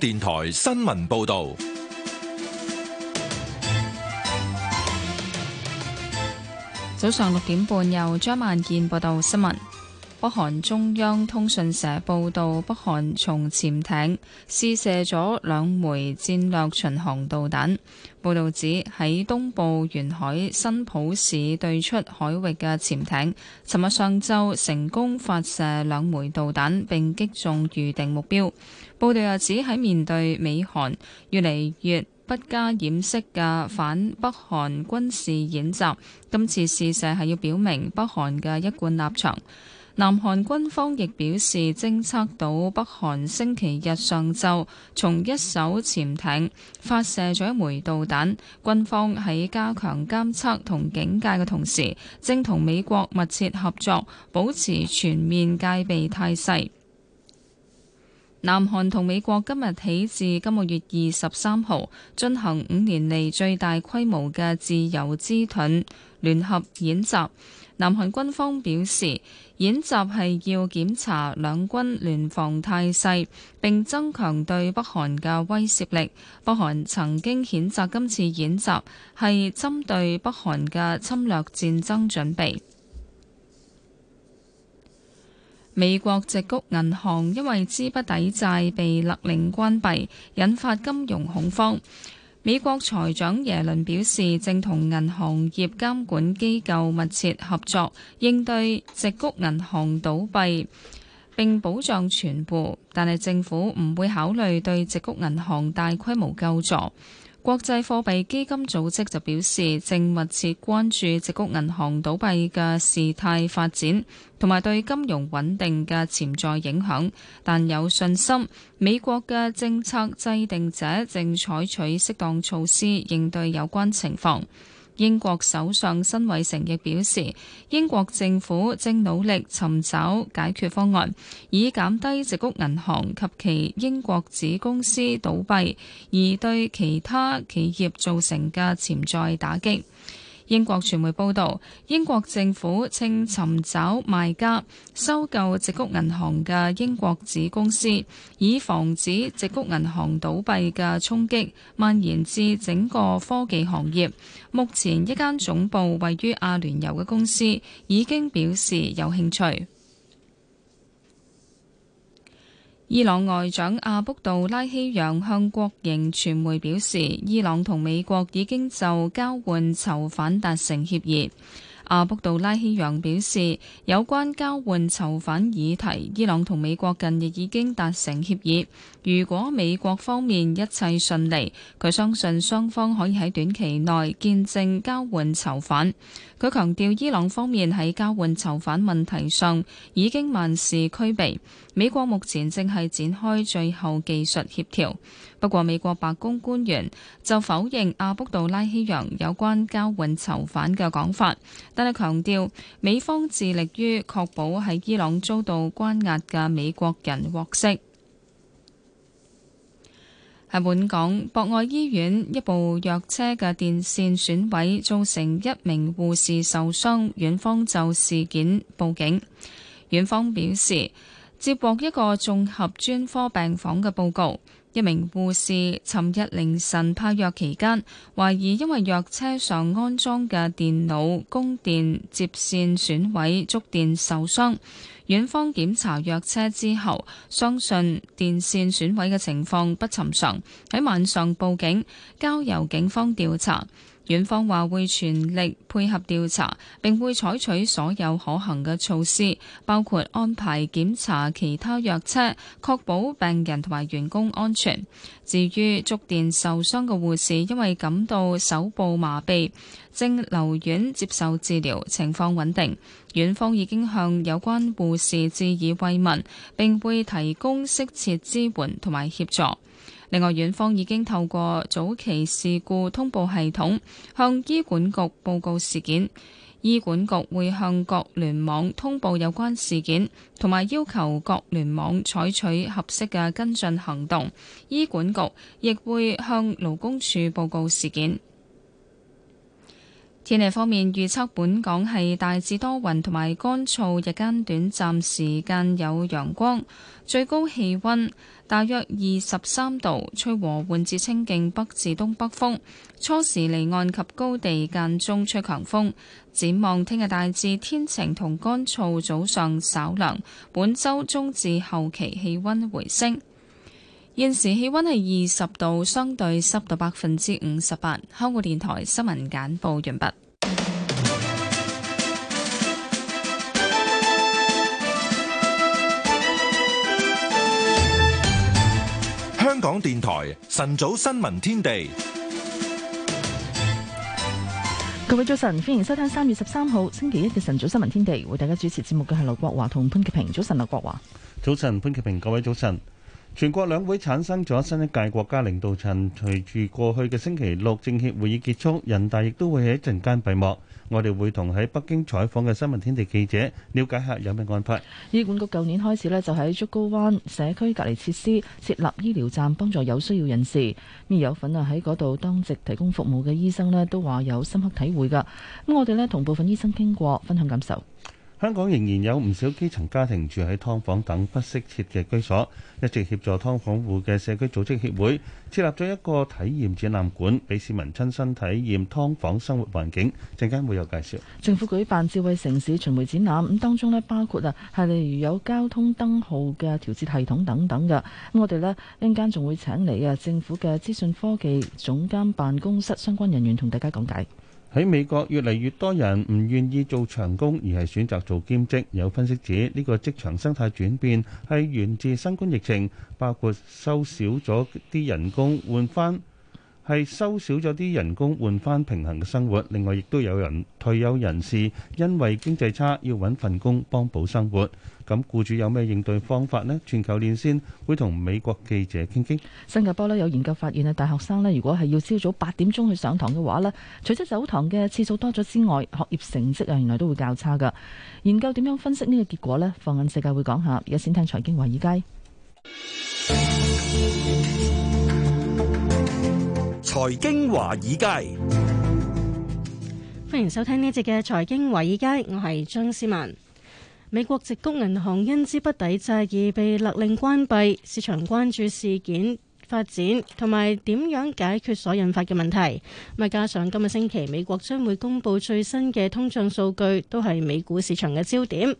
電台新聞報道。早上六點半由，由張萬健報道新聞。北韓中央通訊社報道，北韓從潛艇試射咗兩枚戰略巡航導彈。報道指喺東部沿海新浦市對出海域嘅潛艇，尋日上晝成功發射兩枚導彈並擊中預定目標。報道又指喺面對美韓越嚟越不加掩飾嘅反北韓軍事演習，今次試射係要表明北韓嘅一貫立場。南韓軍方亦表示，偵測到北韓星期日上晝從一艘潛艇發射咗一枚導彈。軍方喺加強監測同警戒嘅同時，正同美國密切合作，保持全面戒備態勢。南韓同美國今日起至今個月二十三號進行五年嚟最大規模嘅自由之盾聯合演習。南韓軍方表示，演習係要檢查兩軍聯防態勢，並增強對北韓嘅威懾力。北韓曾經譴責今次演習係針對北韓嘅侵略戰爭準備。美國矽谷銀行因為資不抵債被勒令關閉，引發金融恐慌。美國財長耶倫表示，正同銀行業監管機構密切合作，應對矽谷銀行倒閉並保障全部存款，但係政府唔會考慮對矽谷銀行大規模救助。國際貨幣基金組織就表示，正密切關注矽谷銀行倒閉嘅事態發展，同埋對金融穩定嘅潛在影響，但有信心美國嘅政策制定者正採取適當措施應對有關情況。英國首相辛偉成亦表示，英國政府正努力尋找解決方案，以減低矽谷銀行及其英國子公司倒閉，而對其他企業造成的潛在打擊。英國傳媒報導，英國政府正尋找賣家收購矽谷銀行嘅英國子公司，以防止矽谷銀行倒閉嘅衝擊蔓延至整個科技行業。目前，一間總部位於阿聯酋嘅公司已經表示有興趣。伊朗外長阿卜杜拉希揚向國營傳媒表示，伊朗同美國已經就交換囚犯達成協議。阿卜杜拉希揚表示，有關交換囚犯議題，伊朗同美國近日已經達成協議。如果美國方面一切順利，佢相信雙方可以喺短期內見證交換囚犯。佢強調伊朗方面喺交換囚犯問題上已經萬事俱備，美國目前正係展開最後技術協調。不過美國白宮官員就否認阿卜杜拉希揚有關交換囚犯嘅講法，但係強調美方致力於確保喺伊朗遭到關押嘅美國人獲釋。喺本港博愛醫院一部藥車嘅電線損毀造成一名護士受傷，院方就事件報警。院方表示，接獲一個綜合專科病房嘅報告，一名護士尋日凌晨派藥期間懷疑因為藥車上安裝嘅電腦供電接線損毀觸電受傷。院方檢查藥車之後，相信電線損毀嘅情況不尋常，喺晚上報警，交由警方調查。院方話會全力配合調查，並會採取所有可行嘅措施，包括安排檢查其他藥車，確保病人同埋員工安全。至於觸電受傷嘅護士，因為感到手部麻痹，正留院接受治療，情況穩定。院方已經向有關護士致以慰問，並會提供適切支援同埋協助。另外，院方已經透過早期事故通報系統向醫管局報告事件，醫管局會向各聯網通報有關事件，同埋要求各聯網採取合適嘅跟進行動。醫管局亦會向勞工處報告事件。天氣方面預測，本港係大致多雲同埋乾燥，日間短暫時間有陽光，最高氣溫大約二十三度，吹和緩至清勁北至東北風，初時離岸及高地間中吹強風。展望聽日大致天晴同乾燥，早上稍涼，本週中至後期氣溫回升。現時氣溫係二十度，相對濕度百分之五十八。香港電台新聞簡報完畢。香港電台晨早新聞天地，各位早晨，歡迎收聽三月十三號星期一嘅晨早新聞天地，為大家主持節目嘅係劉國華同潘潔平。早晨，劉國華。早晨，潘潔平。各位早晨。全國兩會產生咗新一屆國家領導層，隨住過去嘅星期六政協會議結束，人大亦都會喺陣間閉幕。我哋會同喺北京採訪嘅新聞天地記者了解下有咩安排。醫管局舊年開始呢，就喺竹篙灣社區隔離設施設立醫療站，幫助有需要人士。咁有份啊喺嗰度當值提供服務嘅醫生呢，都話有深刻體會㗎。咁我哋呢，同部分醫生傾過，分享感受。香港仍然有唔少基層家庭住喺劏房等不適切嘅居所，一直協助劏房戶嘅社區組織協會設立咗一個體驗展覽館，俾市民親身體驗劏房生活環境。陣間會有介紹。政府舉辦智慧城市巡迴展覽，咁當中呢包括啊，係例如有交通燈號嘅調節系統等等嘅。咁我哋呢一陣間仲會請嚟嘅政府嘅資訊科技總監辦公室相關人員同大家講解。喺美國越嚟越多人唔願意做長工，而係選擇做兼職。有分析指呢個職場生態轉變係源自新冠疫情，包括收少咗啲人工換返，係收少咗啲人工換返平衡嘅生活。另外，亦都有人退休人士因為經濟差要揾份工幫補生活。咁僱主有咩應對方法呢？全球連線會同美國記者傾傾。新加坡咧，有研究發現啊，大學生咧，如果係要朝早八點鐘去上堂嘅話咧，除咗走堂嘅次數多咗之外，學業成績啊原來都會較差噶。研究點樣分析呢個結果呢？放眼世界會講下。而家先聽財經華爾街。財經華爾街，歡迎收聽呢一節嘅財經華爾街，我係張思文。美國矽谷銀行因資不抵債而被勒令關閉，市場關注事件發展同埋點樣解決所引發嘅問題。咁加上今個星期，美國將會公布最新嘅通脹數據，都係美股市場嘅焦點。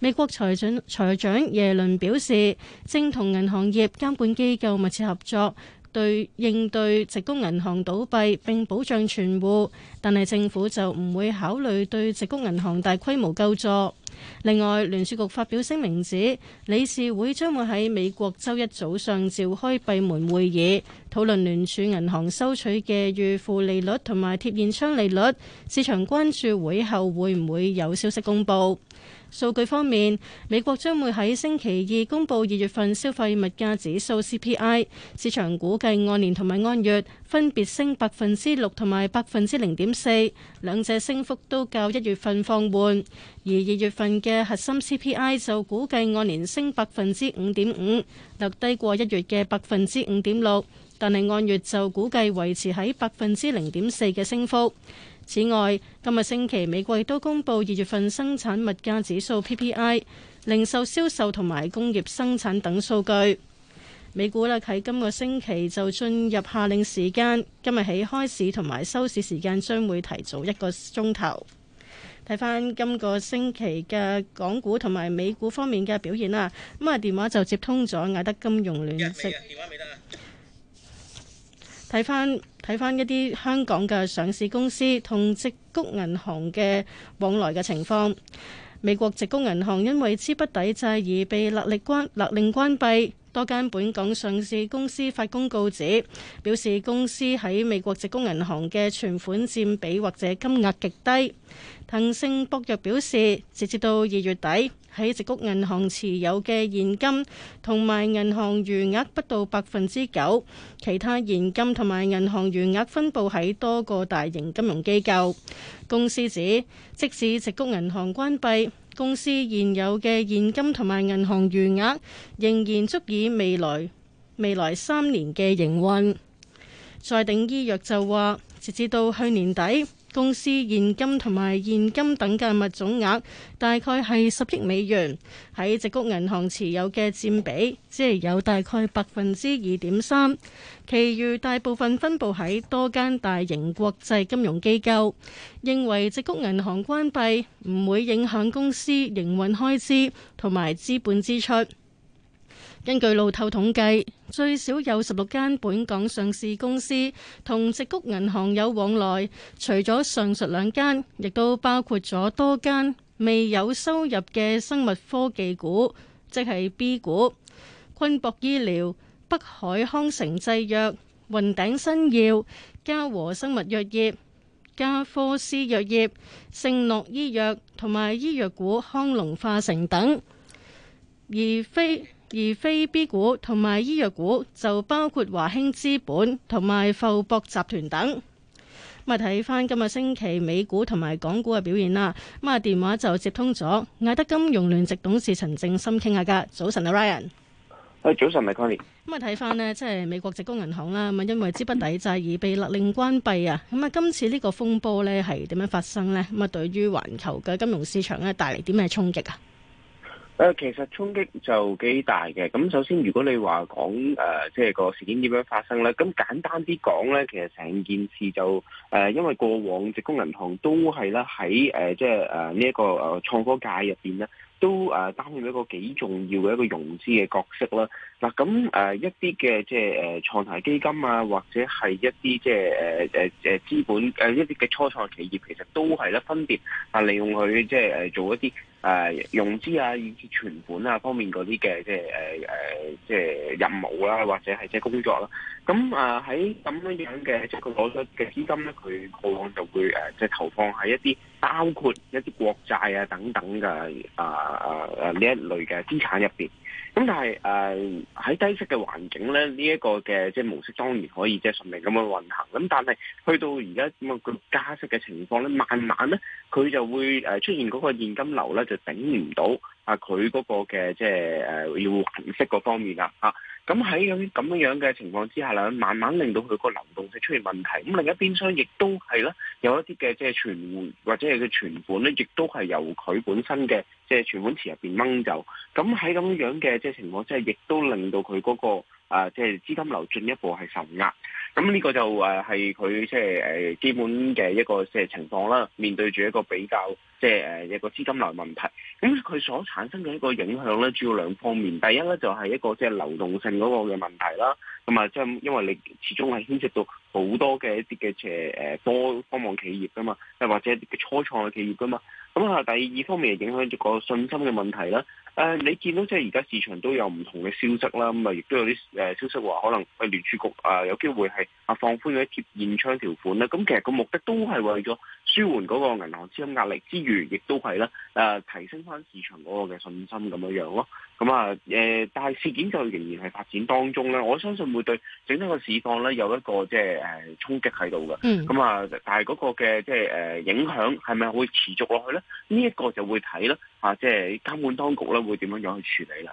美國財長財長耶倫表示，正同銀行業監管機構密切合作。對應對直公銀行倒閉並保障存戶，但係政府就唔會考慮對直公銀行大規模救助。另外，聯儲局發表聲明指，理事會將會喺美國周一早上召開閉門會議，討論聯儲銀行收取嘅預付利率同埋貼現窗利率。市場關注會後會唔會有消息公布。數據方面，美國將會喺星期二公布二月份消費物價指數 CPI，市場估計按年同埋按月分別升百分之六同埋百分之零點四，兩者升幅都較一月份放緩。而二月份嘅核心 CPI 就估計按年升百分之五點五，略低過一月嘅百分之五點六，但係按月就估計維持喺百分之零點四嘅升幅。此外，今日星期美國亦都公布二月份生產物價指數 PPI、零售銷售同埋工業生產等數據。美股咧喺今個星期就進入夏令時間，今日起開市同埋收市時間將會提早一個鐘頭。睇翻今個星期嘅港股同埋美股方面嘅表現啦。咁啊，電話就接通咗艾德金融聯説。睇翻。睇翻一啲香港嘅上市公司同矽谷銀行嘅往來嘅情況。美國矽谷銀行因為資不抵債而被勒令關勒令關閉，多間本港上市公司發公告指表示公司喺美國矽谷銀行嘅存款佔比或者金額極低。騰盛博藥表示，直至到二月底。喺矽谷銀行持有嘅現金同埋銀行餘額不到百分之九，其他現金同埋銀行餘額分布喺多個大型金融機構。公司指，即使矽谷銀行關閉，公司現有嘅現金同埋銀行餘額仍然足以未來未來三年嘅營運。再鼎醫藥就話，截至到去年底。公司現金同埋現金等價物總額大概係十億美元，喺矽谷銀行持有嘅佔比只係有大概百分之二點三，其餘大部分分布喺多間大型國際金融機構。認為矽谷銀行關閉唔會影響公司營運開支同埋資本支出。根據路透統計，最少有十六間本港上市公司同矽谷銀行有往來，除咗上述兩間，亦都包括咗多間未有收入嘅生物科技股，即係 B 股，昆博醫療、北海康成製藥、雲頂新耀、嘉和生物藥業、嘉科斯藥業、盛諾醫藥同埋醫藥股康龍化成等，而非而非 B 股同埋醫藥股就包括華興資本同埋阜博集團等。咁啊，睇翻今日星期美股同埋港股嘅表現啦。咁啊，電話就接通咗，艾德金融聯席董事陳正心傾下噶。早晨啊，Ryan。誒安，早晨，Michael 咁啊，睇翻呢，即係美國直工銀行啦。咁啊，因為資不抵債而被勒令關閉啊。咁啊，今次呢個風波咧係點樣發生呢？咁啊，對於環球嘅金融市場咧帶嚟點嘅衝擊啊？誒其實衝擊就幾大嘅，咁首先如果你話講誒，即、呃、係、就是、個事件點樣發生咧？咁簡單啲講咧，其實成件事就誒、呃，因為過往職工銀行都係咧喺誒，即係誒呢、呃、一個誒創科界入邊咧，都誒擔任一個幾重要嘅一個融資嘅角色啦。咁誒一啲嘅即係誒創投基金啊，或者係一啲即係誒誒誒資本誒、啊、一啲嘅初創企業，其實都係咧分別啊，利用佢即係誒做一啲誒、啊、融資啊，以至存款啊方面嗰啲嘅即係誒誒即係任務啦、啊，或者係即係工作啦、啊。咁啊喺咁樣樣嘅即係佢攞出嘅資金咧，佢過往就會誒即係投放喺一啲包括一啲國債啊等等嘅啊啊啊呢一類嘅資產入邊。咁但係誒喺低息嘅環境咧，呢一個嘅即係模式當然可以即係順利咁樣運行。咁但係去到而家咁啊個加息嘅情況咧，慢慢咧佢就會誒出現嗰個現金流咧就頂唔到。啊！佢嗰個嘅即係誒要還息嗰方面啦，嚇咁喺咁咁樣樣嘅情況之下啦，慢慢令到佢個流動性出現問題。咁另一邊廂亦都係咧，有一啲嘅即係存戶或者係佢存款咧，亦、啊、都係由佢本身嘅即係存款池入邊掹走。咁喺咁樣嘅即係情況之下，即係亦都令到佢嗰個即係資金流進一步係受壓。咁呢個就誒係佢即係誒基本嘅一個即係情況啦、啊。面對住一個比較即係誒一個資金流問題。咁佢、嗯、所產生嘅一個影響咧，主要兩方面。第一咧就係、是、一個即係流動性嗰個嘅問題啦，咁啊即係因為你始終係牽涉到，好多嘅一啲嘅誒誒多科網企業噶嘛，又或者啲嘅初創嘅企業噶嘛。咁啊，第二方面影響咗個信心嘅問題啦。誒、呃，你見到即係而家市場都有唔同嘅消息啦，咁啊，亦都有啲誒消息話可能誒聯儲局啊有機會係啊放寬一啲貼現窗條款咧。咁其實個目的都係為咗舒緩嗰個銀行資金壓力之餘，亦都係咧誒提升翻市場嗰個嘅信心咁樣樣咯。咁啊誒、呃，但係事件就仍然係發展當中咧。我相信會對整體個市況咧有一個即係。誒衝擊喺度嘅，咁啊、嗯，但係嗰個嘅即係誒影響係咪會持續落去咧？呢、這、一個就會睇啦，啊，即係監管當局咧會點樣樣去處理啦。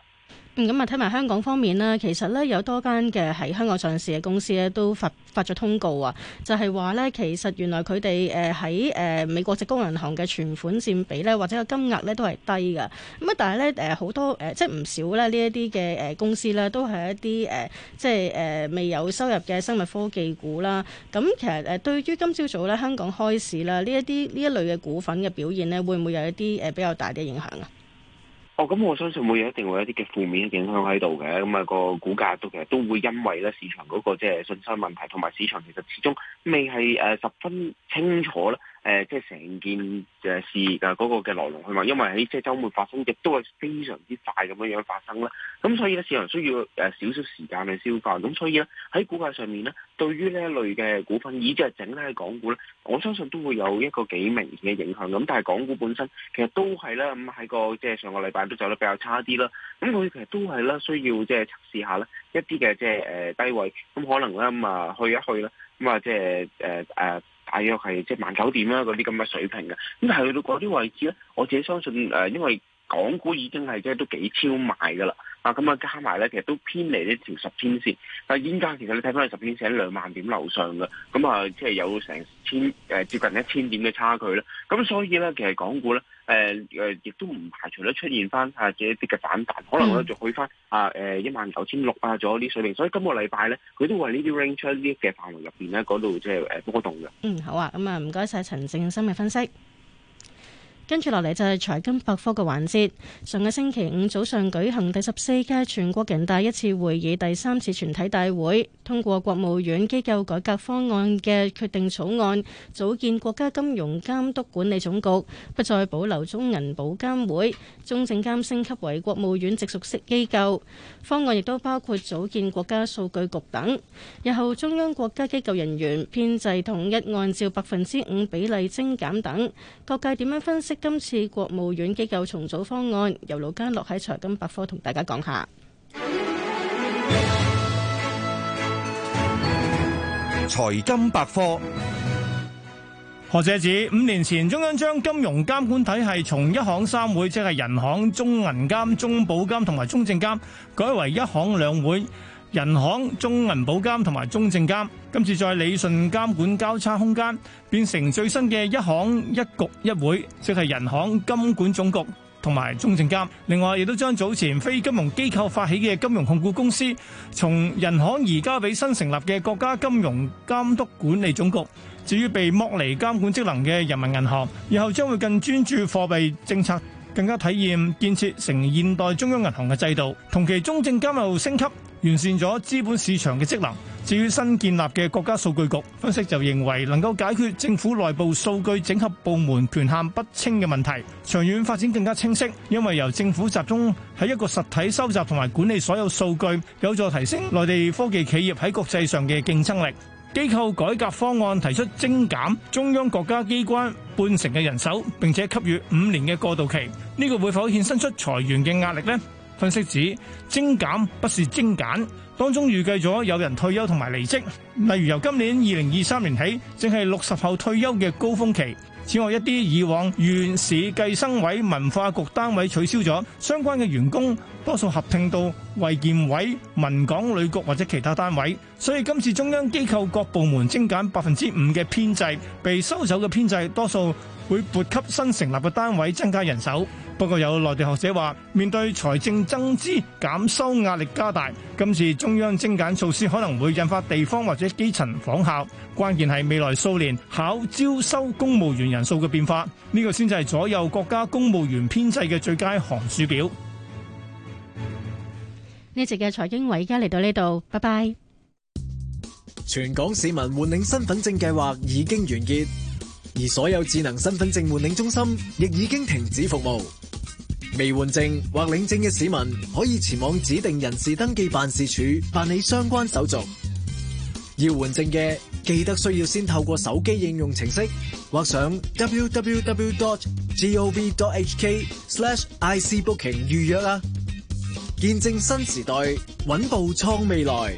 咁啊，睇埋、嗯、香港方面啦。其實咧有多間嘅喺香港上市嘅公司咧，都發發咗通告啊，就係話咧，其實原來佢哋誒喺誒美國矽谷銀行嘅存款佔比咧，或者個金額咧都係低㗎。咁啊，但係咧誒好多誒、呃、即係唔少咧呢一啲嘅誒公司咧，都係一啲誒、呃、即係誒、呃、未有收入嘅生物科技股啦。咁、嗯、其實誒對於今朝早咧香港開市啦，呢一啲呢一類嘅股份嘅表現咧，會唔會有一啲誒、呃、比較大啲嘅影響啊？哦，咁我相信會有一定會有一啲嘅負面影響喺度嘅，咁、那、啊個股價都其實都會因為咧市場嗰個即係信心問題，同埋市場其實始終未係誒十分清楚啦。誒、呃，即係成件誒事誒，個嘅來龍去脈，因為喺即係周末發生，亦都係非常之快咁樣樣發生啦。咁所以咧，市場需要誒少少時間去消化。咁所以咧，喺股價上面咧，對於呢一類嘅股份，以至係整體嘅港股咧，我相信都會有一個幾明顯嘅影響。咁但係港股本身，其實都係咧，咁、嗯、喺個即係上個禮拜都走得比較差啲啦。咁佢其實都係咧，需要即係測試下咧一啲嘅即係誒低位，咁可能咧咁啊去一去啦，咁、嗯、啊即係誒誒。呃呃大約係即係萬九點啦，嗰啲咁嘅水平嘅，咁但係去到嗰啲位置咧，我自己相信誒、呃，因為港股已經係即係都幾超賣噶啦。啊，咁啊加埋咧，其實都偏離呢條十天線。但係現間其實你睇翻，係十天線喺兩萬點樓上嘅，咁啊，即係有成千誒接近一千點嘅差距咧。咁所以咧，其實港股咧，誒、呃、誒，亦都唔排除咧出現翻啊這一啲嘅反彈，可能咧就去翻啊誒一萬九千六啊咗啲水平。所以今個禮拜咧，佢都會係呢啲 range、er、呢啲嘅範圍入邊咧，嗰度即係誒波動嘅。嗯，好啊，咁啊，唔該晒陳正森嘅分析。跟住落嚟就係財經百科嘅環節。上個星期五早上舉行第十四屆全國人大一次會議第三次全體大會。通過國務院機構改革方案嘅決定草案，組建國家金融監督管理總局，不再保留中銀保監會，中證監升級為國務院直屬機構。方案亦都包括組建國家數據局等。日後中央國家機構人員編制統一按照百分之五比例精減等。各界點樣分析今次國務院機構重組方案？由盧嘉樂喺財金百科同大家講下。財金百科，學者指五年前中央將金融監管體系從一行三會，即係人行、中銀監、中保監同埋中證監，改為一行兩會，人行、中銀保監同埋中證監。今次再理順監管交叉空間，變成最新嘅一行一局一會，即係人行、金管總局。同埋中證監，另外亦都將早前非金融機構發起嘅金融控股公司，從人行移交俾新成立嘅國家金融監督管理總局。至於被剝離監管職能嘅人民銀行，以後將會更專注貨幣政策，更加體驗建設成現代中央銀行嘅制度。同期，中證監又升級。完善咗資本市場嘅職能，至於新建立嘅國家數據局，分析就認為能夠解決政府內部數據整合部門權限不清嘅問題，長遠發展更加清晰，因為由政府集中喺一個實體收集同埋管理所有數據，有助提升內地科技企業喺國際上嘅競爭力。機構改革方案提出精減中央國家機關半成嘅人手，並且給予五年嘅過渡期，呢個會否衍生出裁員嘅壓力呢？分析指精減不是精簡，當中預計咗有人退休同埋離職，例如由今年二零二三年起，正係六十後退休嘅高峰期。此外，一啲以往縣市計生委、文化局單位取消咗相關嘅員工，多數合併到衛健委、文港旅局或者其他單位。所以今次中央機構各部門精簡百分之五嘅編制，被收走嘅編制多數會撥給新成立嘅單位增加人手。不過有內地學者話，面對財政增支減收壓力加大，今次中央精簡措施可能會引發地方或者基層仿效。關鍵係未來數年考招收公務員人數嘅變化，呢個先至係左右國家公務員編制嘅最佳寒暑表。呢集嘅財經而家嚟到呢度，拜拜。全港市民換領身份證計劃已經完結，而所有智能身份證換領中心亦已經停止服務。未換證或領證嘅市民可以前往指定人事登記辦事處辦理相關手續。要換證嘅記得需要先透過手機應用程式或上 www.gov.hk/icbooking 預約啊！見證新時代，穩步創未來。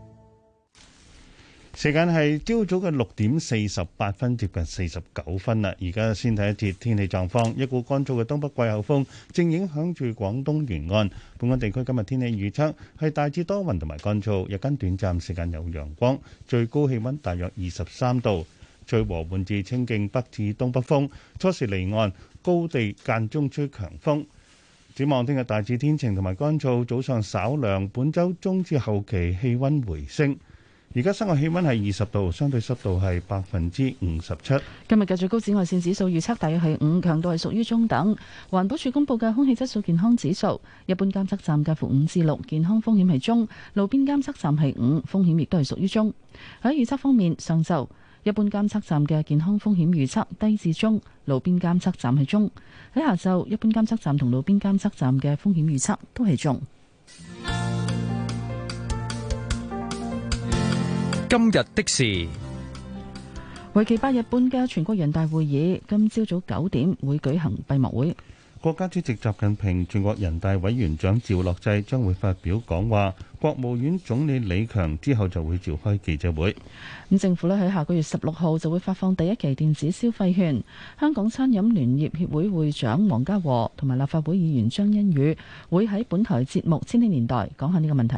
時間係朝早嘅六點四十八分，接近四十九分啦。而家先睇一節天氣狀況，一股乾燥嘅東北季候風正影響住廣東沿岸。本港地區今日天氣預測係大致多雲同埋乾燥，日間短暫時間有陽光，最高氣溫大約二十三度，吹和緩至清勁北至東北風，初時離岸高地間中吹強風。展望聽日大致天晴同埋乾燥，早上稍涼，本周中至後期氣溫回升。而家室外氣溫係二十度，相對濕度係百分之五十七。今日嘅最高紫外線指數預測大約係五，強度係屬於中等。環保署公布嘅空氣質素健康指數，一般監測站介乎五至六，健康風險係中；路邊監測站係五，風險亦都係屬於中。喺預測方面，上晝一般監測站嘅健康風險預測低至中，路邊監測站係中；喺下晝，一般監測站同路邊監測站嘅風險預測都係中。今日的事，為期八日半嘅全國人大會議，今朝早九點會舉行閉幕會。國家主席習近平、全國人大委員長趙樂際將會發表講話。國務院總理李強之後就會召開記者會。咁政府喺下個月十六號就會發放第一期電子消費券。香港餐飲聯業協會會長黃家和同埋立法會議員張欣宇會喺本台節目《千禧年代》講下呢個問題。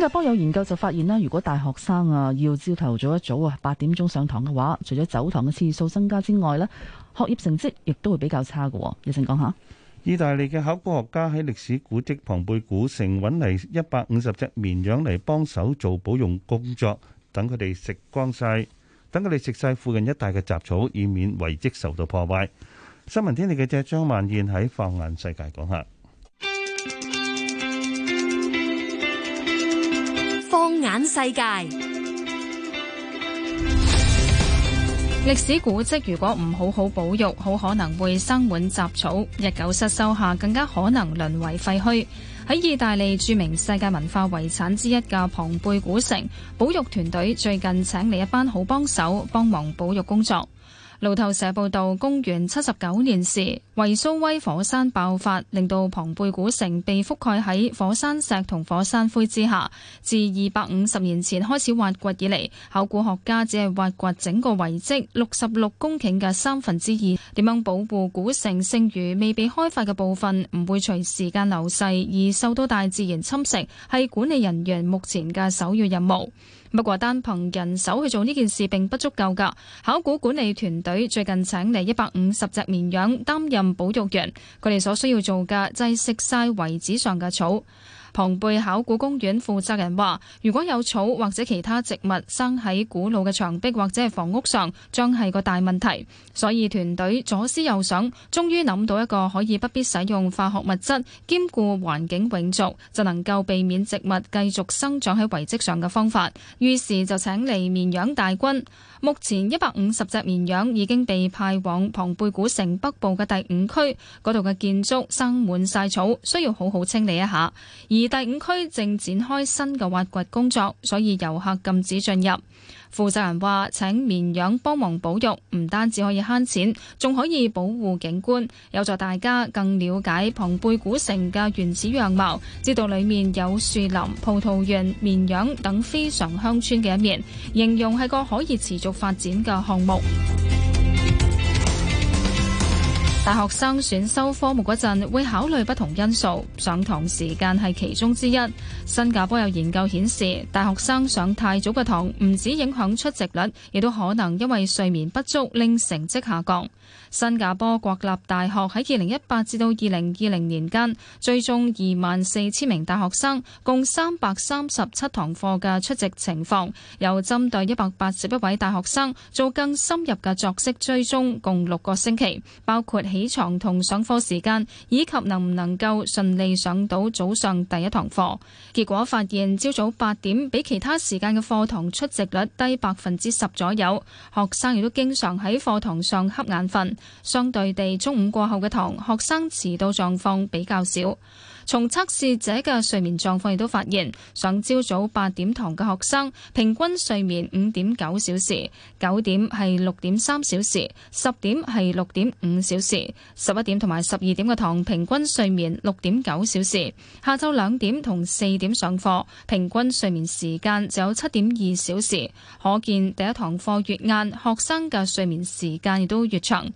新加坡有研究就發現啦，如果大學生啊要朝頭早一早啊八點鐘上堂嘅話，除咗走堂嘅次數增加之外咧，學業成績亦都會比較差嘅。有請講下。意大利嘅考古學家喺歷史古蹟龐貝古城揾嚟一百五十隻綿羊嚟幫手做保育工作，等佢哋食光晒，等佢哋食晒附近一帶嘅雜草，以免遺蹟受到破壞。新聞天地記者張曼燕喺放眼世界講下。眼世界，歷史古蹟如果唔好好保育，好可能會生滿雜草，日久失修下，更加可能淪為廢墟。喺意大利著名世界文化遺產之一嘅龐貝古城，保育團隊最近請嚟一班好幫手，幫忙保育工作。路透社報道，公元七十九年時，維蘇威火山爆發，令到龐貝古城被覆蓋喺火山石同火山灰之下。自二百五十年前開始挖掘以嚟，考古學家只係挖掘整個遺跡六十六公頃嘅三分之二。點樣保護古城剩餘未被開發嘅部分，唔會隨時間流逝而受到大自然侵蝕，係管理人員目前嘅首要任務。不過單憑人手去做呢件事並不足夠噶。考古管理團隊最近請嚟一百五十隻綿羊擔任保育員，佢哋所需要做嘅就係食晒遺址上嘅草。龐貝考古公園負責人話，如果有草或者其他植物生喺古老嘅牆壁或者係房屋上，將係個大問題。所以團隊左思右想，終於諗到一個可以不必使用化學物質、兼顧環境永續，就能夠避免植物繼續生長喺遺跡上嘅方法。於是就請嚟綿羊大軍。目前一百五十隻綿羊已經被派往龐貝古城北部嘅第五區，嗰度嘅建築生滿晒草，需要好好清理一下。而第五區正展開新嘅挖掘工作，所以遊客禁止進入。負責人話：請綿羊幫忙保育，唔單止可以慳錢，仲可以保護景觀，有助大家更了解龐貝古城嘅原始樣貌，知道裡面有樹林、葡萄園、綿羊等非常鄉村嘅一面。形容係個可以持續發展嘅項目。大學生選修科目嗰陣會考慮不同因素，上堂時間係其中之一。新加坡有研究顯示，大學生上太早嘅堂唔止影響出席率，亦都可能因為睡眠不足令成績下降。新加坡國立大學喺二零一八至到二零二零年間追蹤二萬四千名大學生，共三百三十七堂課嘅出席情況，又針對一百八十一位大學生做更深入嘅作息追蹤，共六個星期，包括起床同上課時間，以及能唔能夠順利上到早上第一堂課。結果發現朝早八點比其他時間嘅課堂出席率低百分之十左右，學生亦都經常喺課堂上瞌眼瞓。相對地，中午過後嘅堂，學生遲到狀況比較少。從測試者嘅睡眠狀況亦都發現，上朝早八點堂嘅學生平均睡眠五點九小時，九點係六點三小時，十點係六點五小時，十一點同埋十二點嘅堂平均睡眠六點九小時。下晝兩點同四點上課，平均睡眠時間就有七點二小時。可見第一堂課越晏，學生嘅睡眠時間亦都越長。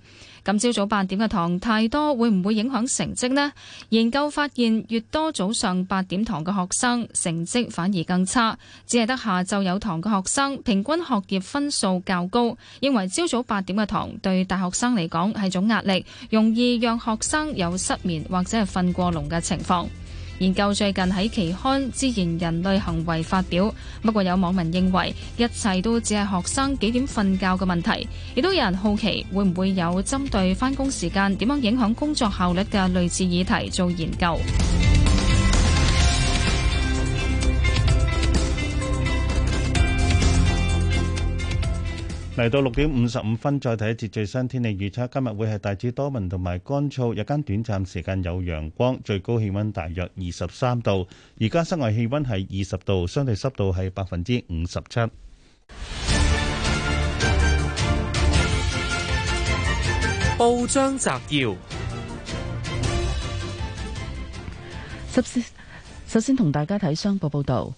咁朝早八點嘅堂太多，會唔會影響成績呢？研究發現，越多早上八點堂嘅學生，成績反而更差。只係得下晝有堂嘅學生，平均學業分數較高。認為朝早八點嘅堂對大學生嚟講係種壓力，容易讓學生有失眠或者係瞓過籠嘅情況。研究最近喺期刊《自然人類行為》發表，不過有網民認為一切都只係學生幾點瞓覺嘅問題，亦都有人好奇會唔會有針對翻工時間點樣影響工作效率嘅類似議題做研究。嚟到六點五十五分，再睇一次最新天氣預測。今日會係大致多雲同埋乾燥，有間短暫時間有陽光，最高氣溫大約二十三度。而家室外氣溫係二十度，相對濕度係百分之五十七。報章摘要，首先首先同大家睇商報報道。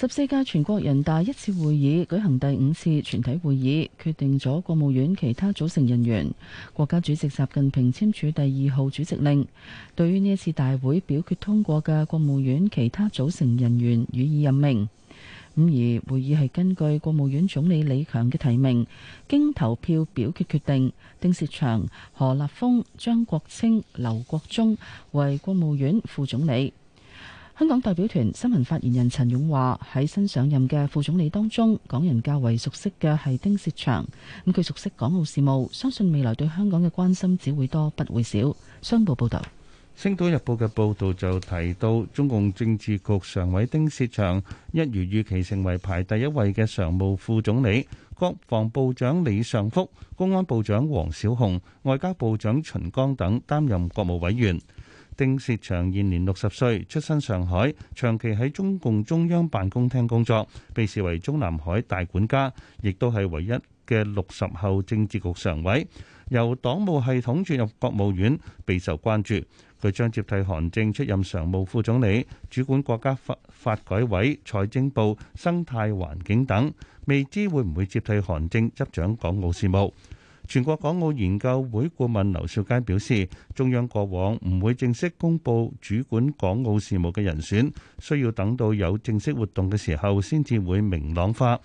十四屆全國人大一次會議舉行第五次全體會議，決定咗國務院其他組成人員。國家主席習近平簽署第二號主席令，對於呢一次大會表決通過嘅國務院其他組成人員予以任命。咁而會議係根據國務院總理李強嘅提名，經投票表決決定，丁薛祥、何立峰、張國清、劉國中為國務院副總理。香港代表團新聞發言人陳勇話：喺新上任嘅副總理當中，港人較為熟悉嘅係丁薛祥，咁佢熟悉港澳事務，相信未來對香港嘅關心只會多，不會少。商報報道，《星島日報》嘅報道就提到，中共政治局常委丁薛祥一如預期成為排第一位嘅常務副總理，國防部長李尚福、公安部長王小洪、外交部長秦剛等擔任國務委員。丁薛祥現年六十歲，出身上海，長期喺中共中央辦公廳工作，被視為中南海大管家，亦都係唯一嘅六十後政治局常委。由黨務系統轉入國務院，備受關注。佢將接替韓正出任常務副總理，主管國家發發改委、財政部、生態環境等。未知會唔會接替韓正執掌港澳事務？全國港澳研究會顧問劉少佳表示，中央過往唔會正式公布主管港澳事務嘅人選，需要等到有正式活動嘅時候先至會明朗化。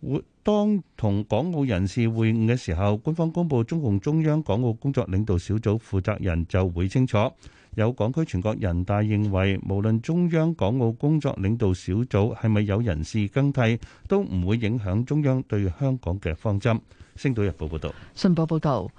活當同港澳人士會晤嘅時候，官方公布中共中央港澳工作領導小組負責人就會清楚。有港區全國人大認為，無論中央港澳工作領導小組係咪有人事更替，都唔會影響中央對香港嘅方針。星島日報報道。信報報導。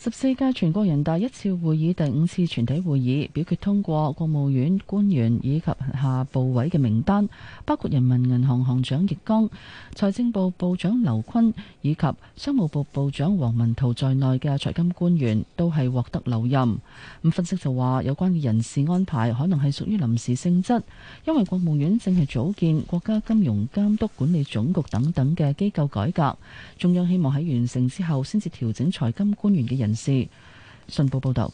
十四屆全國人大一次會議第五次全體會議表決通過國務院官員以及下部委嘅名單，包括人民銀行行長易綱、財政部部長劉昆以及商務部部長王文濤在內嘅財金官員都係獲得留任。咁分析就話，有關嘅人事安排可能係屬於臨時性質，因為國務院正係組建國家金融監督管理總局等等嘅機構改革，中央希望喺完成之後先至調整財金官員嘅人。人信報報道：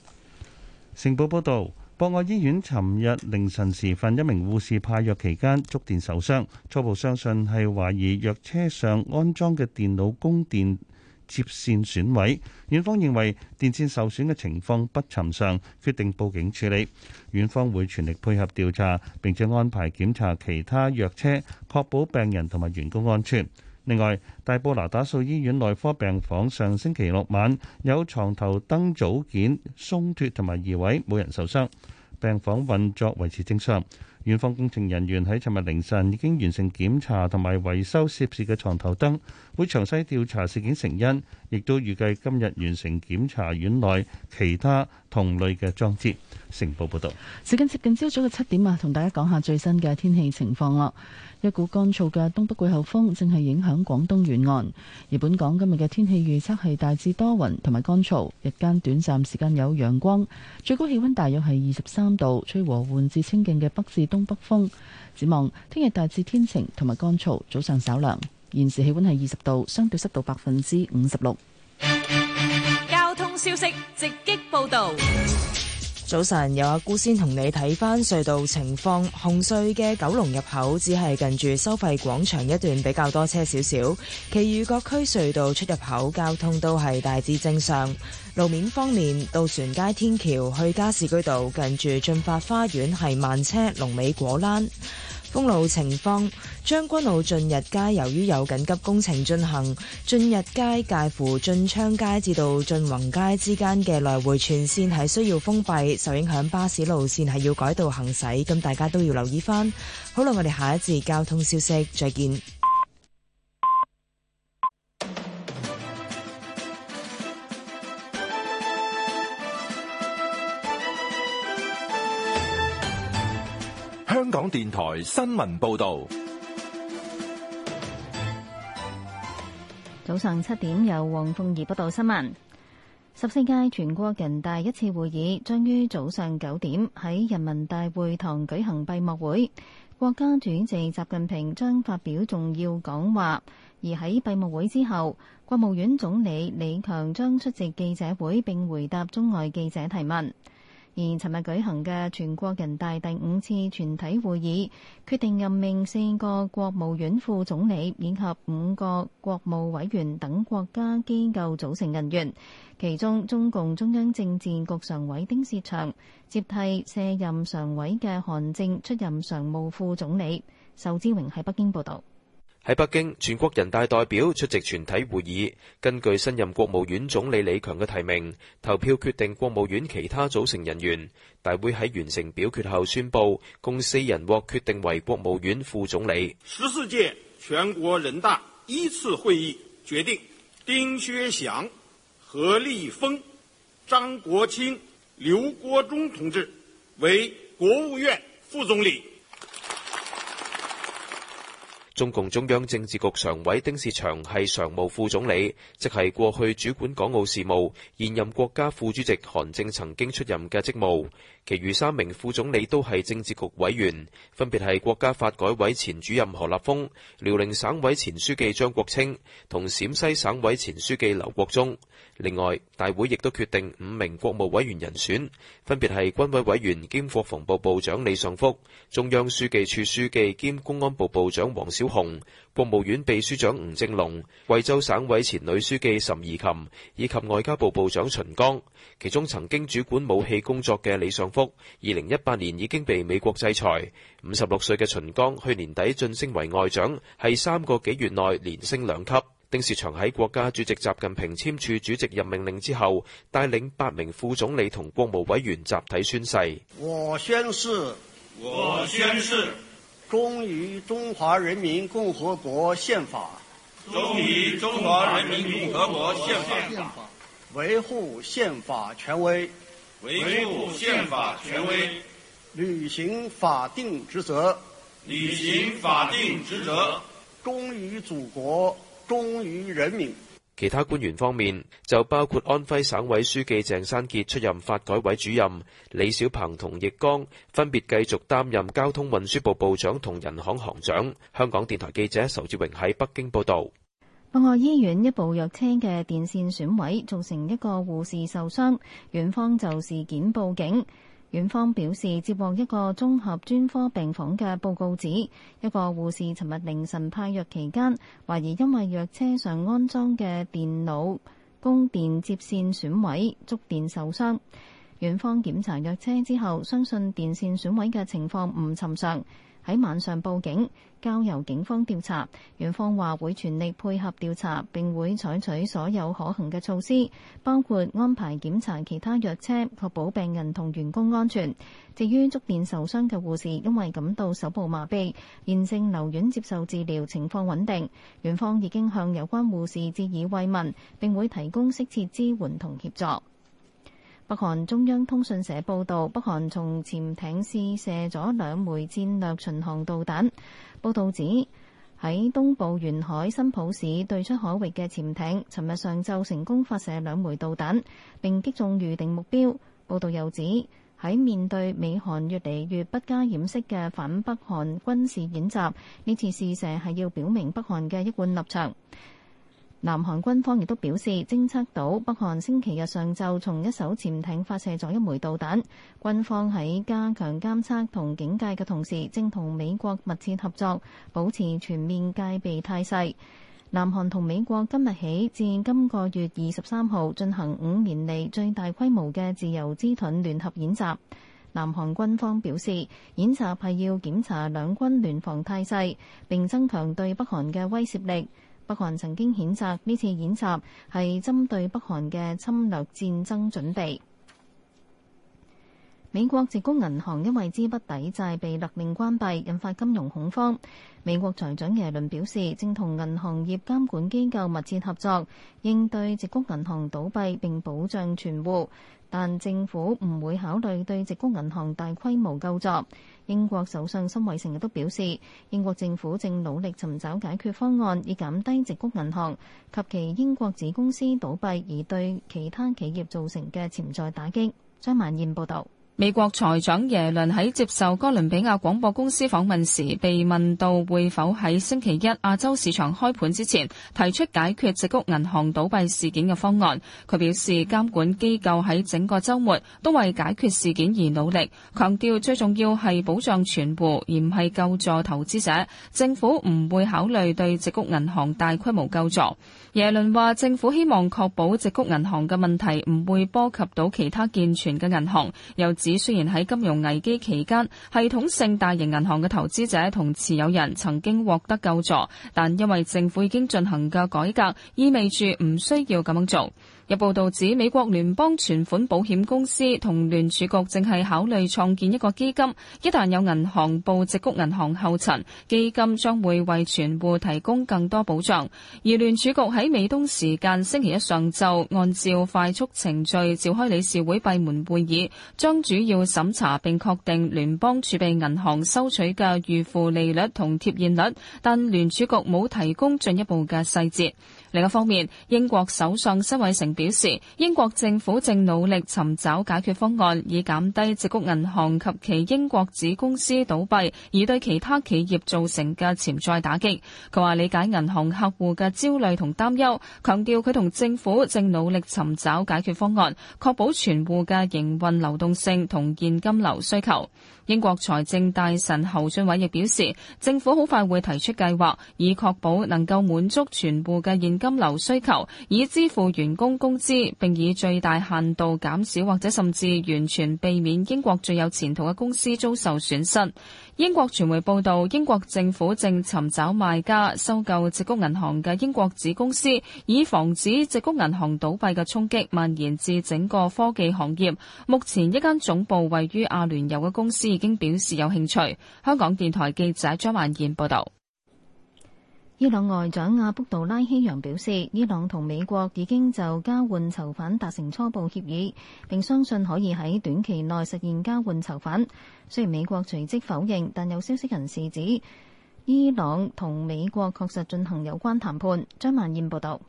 成報報道，博愛醫院尋日凌晨時分，一名護士派藥期間觸電受傷，初步相信係懷疑藥車上安裝嘅電腦供電接線損毀。院方認為電線受損嘅情況不尋常，決定報警處理。院方會全力配合調查，並且安排檢查其他藥車，確保病人同埋員工安全。另外，大埔那打素醫院內科病房上星期六晚有床頭燈組件鬆脱同埋移位，冇人受傷，病房運作維持正常。院方工程人員喺尋日凌晨已經完成檢查同埋維修涉事嘅床頭燈，會詳細調查事件成因，亦都預計今日完成檢查院內其他同類嘅裝置。成報報導。時間接近朝早嘅七點啊，同大家講下最新嘅天氣情況啦。一股乾燥嘅東北季候風正係影響廣東沿岸，而本港今日嘅天氣預測係大致多雲同埋乾燥，日間短暫時間有陽光，最高氣温大約係二十三度，吹和緩至清勁嘅北至東北風。展望聽日大致天晴同埋乾燥，早上稍涼。現時氣温係二十度，相對濕度百分之五十六。交通消息直擊報導。早晨，有阿姑先同你睇翻隧道情況。紅隧嘅九龍入口只係近住收費廣場一段比較多車少少，其餘各區隧道出入口交通都係大致正常。路面方面，渡船街天橋去加士居道近住駿發花園係慢車，龍尾果欄。公路情況：將軍澳駿日街由於有緊急工程進行，駿日街介乎駿昌街至到駿宏街之間嘅來回全線係需要封閉，受影響巴士路線係要改道行駛，咁大家都要留意返。好啦，我哋下一節交通消息，再見。香港電台新聞報道，早上七點由黃鳳儀報道新聞。十四屆全國人大一次會議將於早上九點喺人民大會堂舉行閉幕會，國家主席習近平將發表重要講話。而喺閉幕會之後，國務院總理李強將出席記者會，並回答中外記者提問。而尋日舉行嘅全國人大第五次全體會議決定任命四個國務院副總理，以及五個國務委員等國家機構組成人員，其中，中共中央政治局常委丁薛祥接替卸任常委嘅韓正出任常務副總理。仇之榮喺北京報道。喺北京，全國人大代表出席全體會議，根據新任國務院總理李強嘅提名，投票決定國務院其他組成人員。大會喺完成表決後宣布，共四人獲決定為國務院副總理。十四屆全國人大一次會議決定，丁薛祥、何立峰、張國清、劉國中同志為國務院副總理。中共中央政治局常委丁薛祥係常務副總理，即係過去主管港澳事務，現任國家副主席韓正曾經出任嘅職務。其餘三名副總理都係政治局委員，分別係國家發改委前主任何立峰、遼寧省委前書記張國清同陝西省委前書記劉國中，另外，大會亦都決定五名國務委員人選，分別係軍委委員兼國防部部長李尚福、中央書記處書記兼公安部部長王小洪、國務院秘書長吳政隆、貴州省委前女書記諶貽琴以及外交部部長秦剛。其中，曾經主管武器工作嘅李尚福二零一八年已經被美國制裁。五十六歲嘅秦剛去年底晉升為外長，係三個幾月內連升兩級。丁薛祥喺國家主席習近平簽署主席任命令之後，帶領八名副總理同國務委員集體宣誓。我宣誓，我宣誓，忠於中華人民共和國憲法，忠於中華人民共和國憲法，維護憲法權威。維護憲法權威，履行法定職責，履行法定職責，忠於祖國，忠於人民。其他官員方面就包括安徽省委書記鄭柵潔出任發改委主任，李小鵬同易綱分別繼續擔任交通運輸部部部長同人行行長。香港電台記者仇志榮喺北京報道。博愛醫院一部藥車嘅電線損毀，造成一個護士受傷。院方就事件報警。院方表示，接獲一個綜合專科病房嘅報告紙，指一個護士尋日凌晨派藥期間，懷疑因為藥車上安裝嘅電腦供電接線損毀，觸電受傷。院方檢查藥車之後，相信電線損毀嘅情況唔尋常。喺晚上報警，交由警方調查。院方話會全力配合調查，並會採取所有可行嘅措施，包括安排檢查其他藥車，確保病人同員工安全。至於觸電受傷嘅護士，因為感到手部麻痹，現正留院接受治療，情況穩定。院方已經向有關護士致以慰問，並會提供適切支援同協助。北韓中央通信社報道，北韓從潛艇試射咗兩枚戰略巡航導彈。報道指喺東部沿海新浦市對出海域嘅潛艇，尋日上晝成功發射兩枚導彈，並擊中預定目標。報道又指喺面對美韓越嚟越不加掩飾嘅反北韓軍事演習，呢次試射係要表明北韓嘅一貫立場。南韓軍方亦都表示，偵測到北韓星期日上晝從一艘潛艇發射咗一枚導彈。軍方喺加強監測同警戒嘅同時，正同美國密切合作，保持全面戒備態勢。南韓同美國今日起至今個月二十三號進行五年嚟最大規模嘅自由之盾聯合演習。南韓軍方表示，演習係要檢查兩軍聯防態勢，並增強對北韓嘅威懾力。北韓曾經譴責呢次演習係針對北韓嘅侵略戰爭準備。美國矽谷銀行因為資不抵債被勒令關閉，引發金融恐慌。美國財長耶倫表示，正同銀行業監管機構密切合作，應對矽谷銀行倒閉並保障存戶。但政府唔會考慮對矽谷銀行大規模救助。英國首相辛偉誠亦都表示，英國政府正努力尋找解決方案以減，以減低矽谷銀行及其英國子公司倒閉而對其他企業造成嘅潛在打擊。張萬燕報導。美國財長耶倫喺接受哥倫比亞廣播公司訪問時，被問到會否喺星期一亞洲市場開盤之前提出解決矽谷銀行倒閉事件嘅方案。佢表示監管機構喺整個周末都為解決事件而努力，強調最重要係保障存戶，而唔係救助投資者。政府唔會考慮對矽谷銀行大規模救助。耶倫話政府希望確保矽谷銀行嘅問題唔會波及到其他健全嘅銀行。由指雖然喺金融危機期間，系統性大型銀行嘅投資者同持有人曾經獲得救助，但因為政府已經進行嘅改革，意味住唔需要咁樣做。有報道指，美國聯邦存款保險公司同聯儲局正係考慮創建一個基金，一旦有銀行步硅谷銀行後塵，基金將會為存戶提供更多保障。而聯儲局喺美東時間星期一上晝，按照快速程序召開理事會閉門會議，將主要審查並確定聯邦儲備銀行收取嘅預付利率同貼現率，但聯儲局冇提供進一步嘅細節。另一方面，英國首相辛偉誠表示，英國政府正努力尋找解決方案，以減低矽谷銀行及其英國子公司倒閉而對其他企業造成嘅潛在打擊。佢話理解銀行客戶嘅焦慮同擔憂，強調佢同政府正努力尋找解決方案，確保存戶嘅營運流動性同現金流需求。英國財政大臣侯俊偉亦表示，政府好快會提出計劃，以確保能夠滿足全部嘅現金流需求，以支付員工工資，並以最大限度減少或者甚至完全避免英國最有前途嘅公司遭受損失。英國傳媒報道，英國政府正尋找買家收購矽谷銀行嘅英國子公司，以防止矽谷銀行倒閉嘅衝擊蔓延至整個科技行業。目前一間總部位於阿聯酋嘅公司已經表示有興趣。香港電台記者張曼燕報道。伊朗外長阿卜杜拉希揚表示，伊朗同美國已經就交換囚犯達成初步協議，並相信可以喺短期內實現交換囚犯。雖然美國隨即否認，但有消息人士指，伊朗同美國確實進行有關談判。張曼燕報道。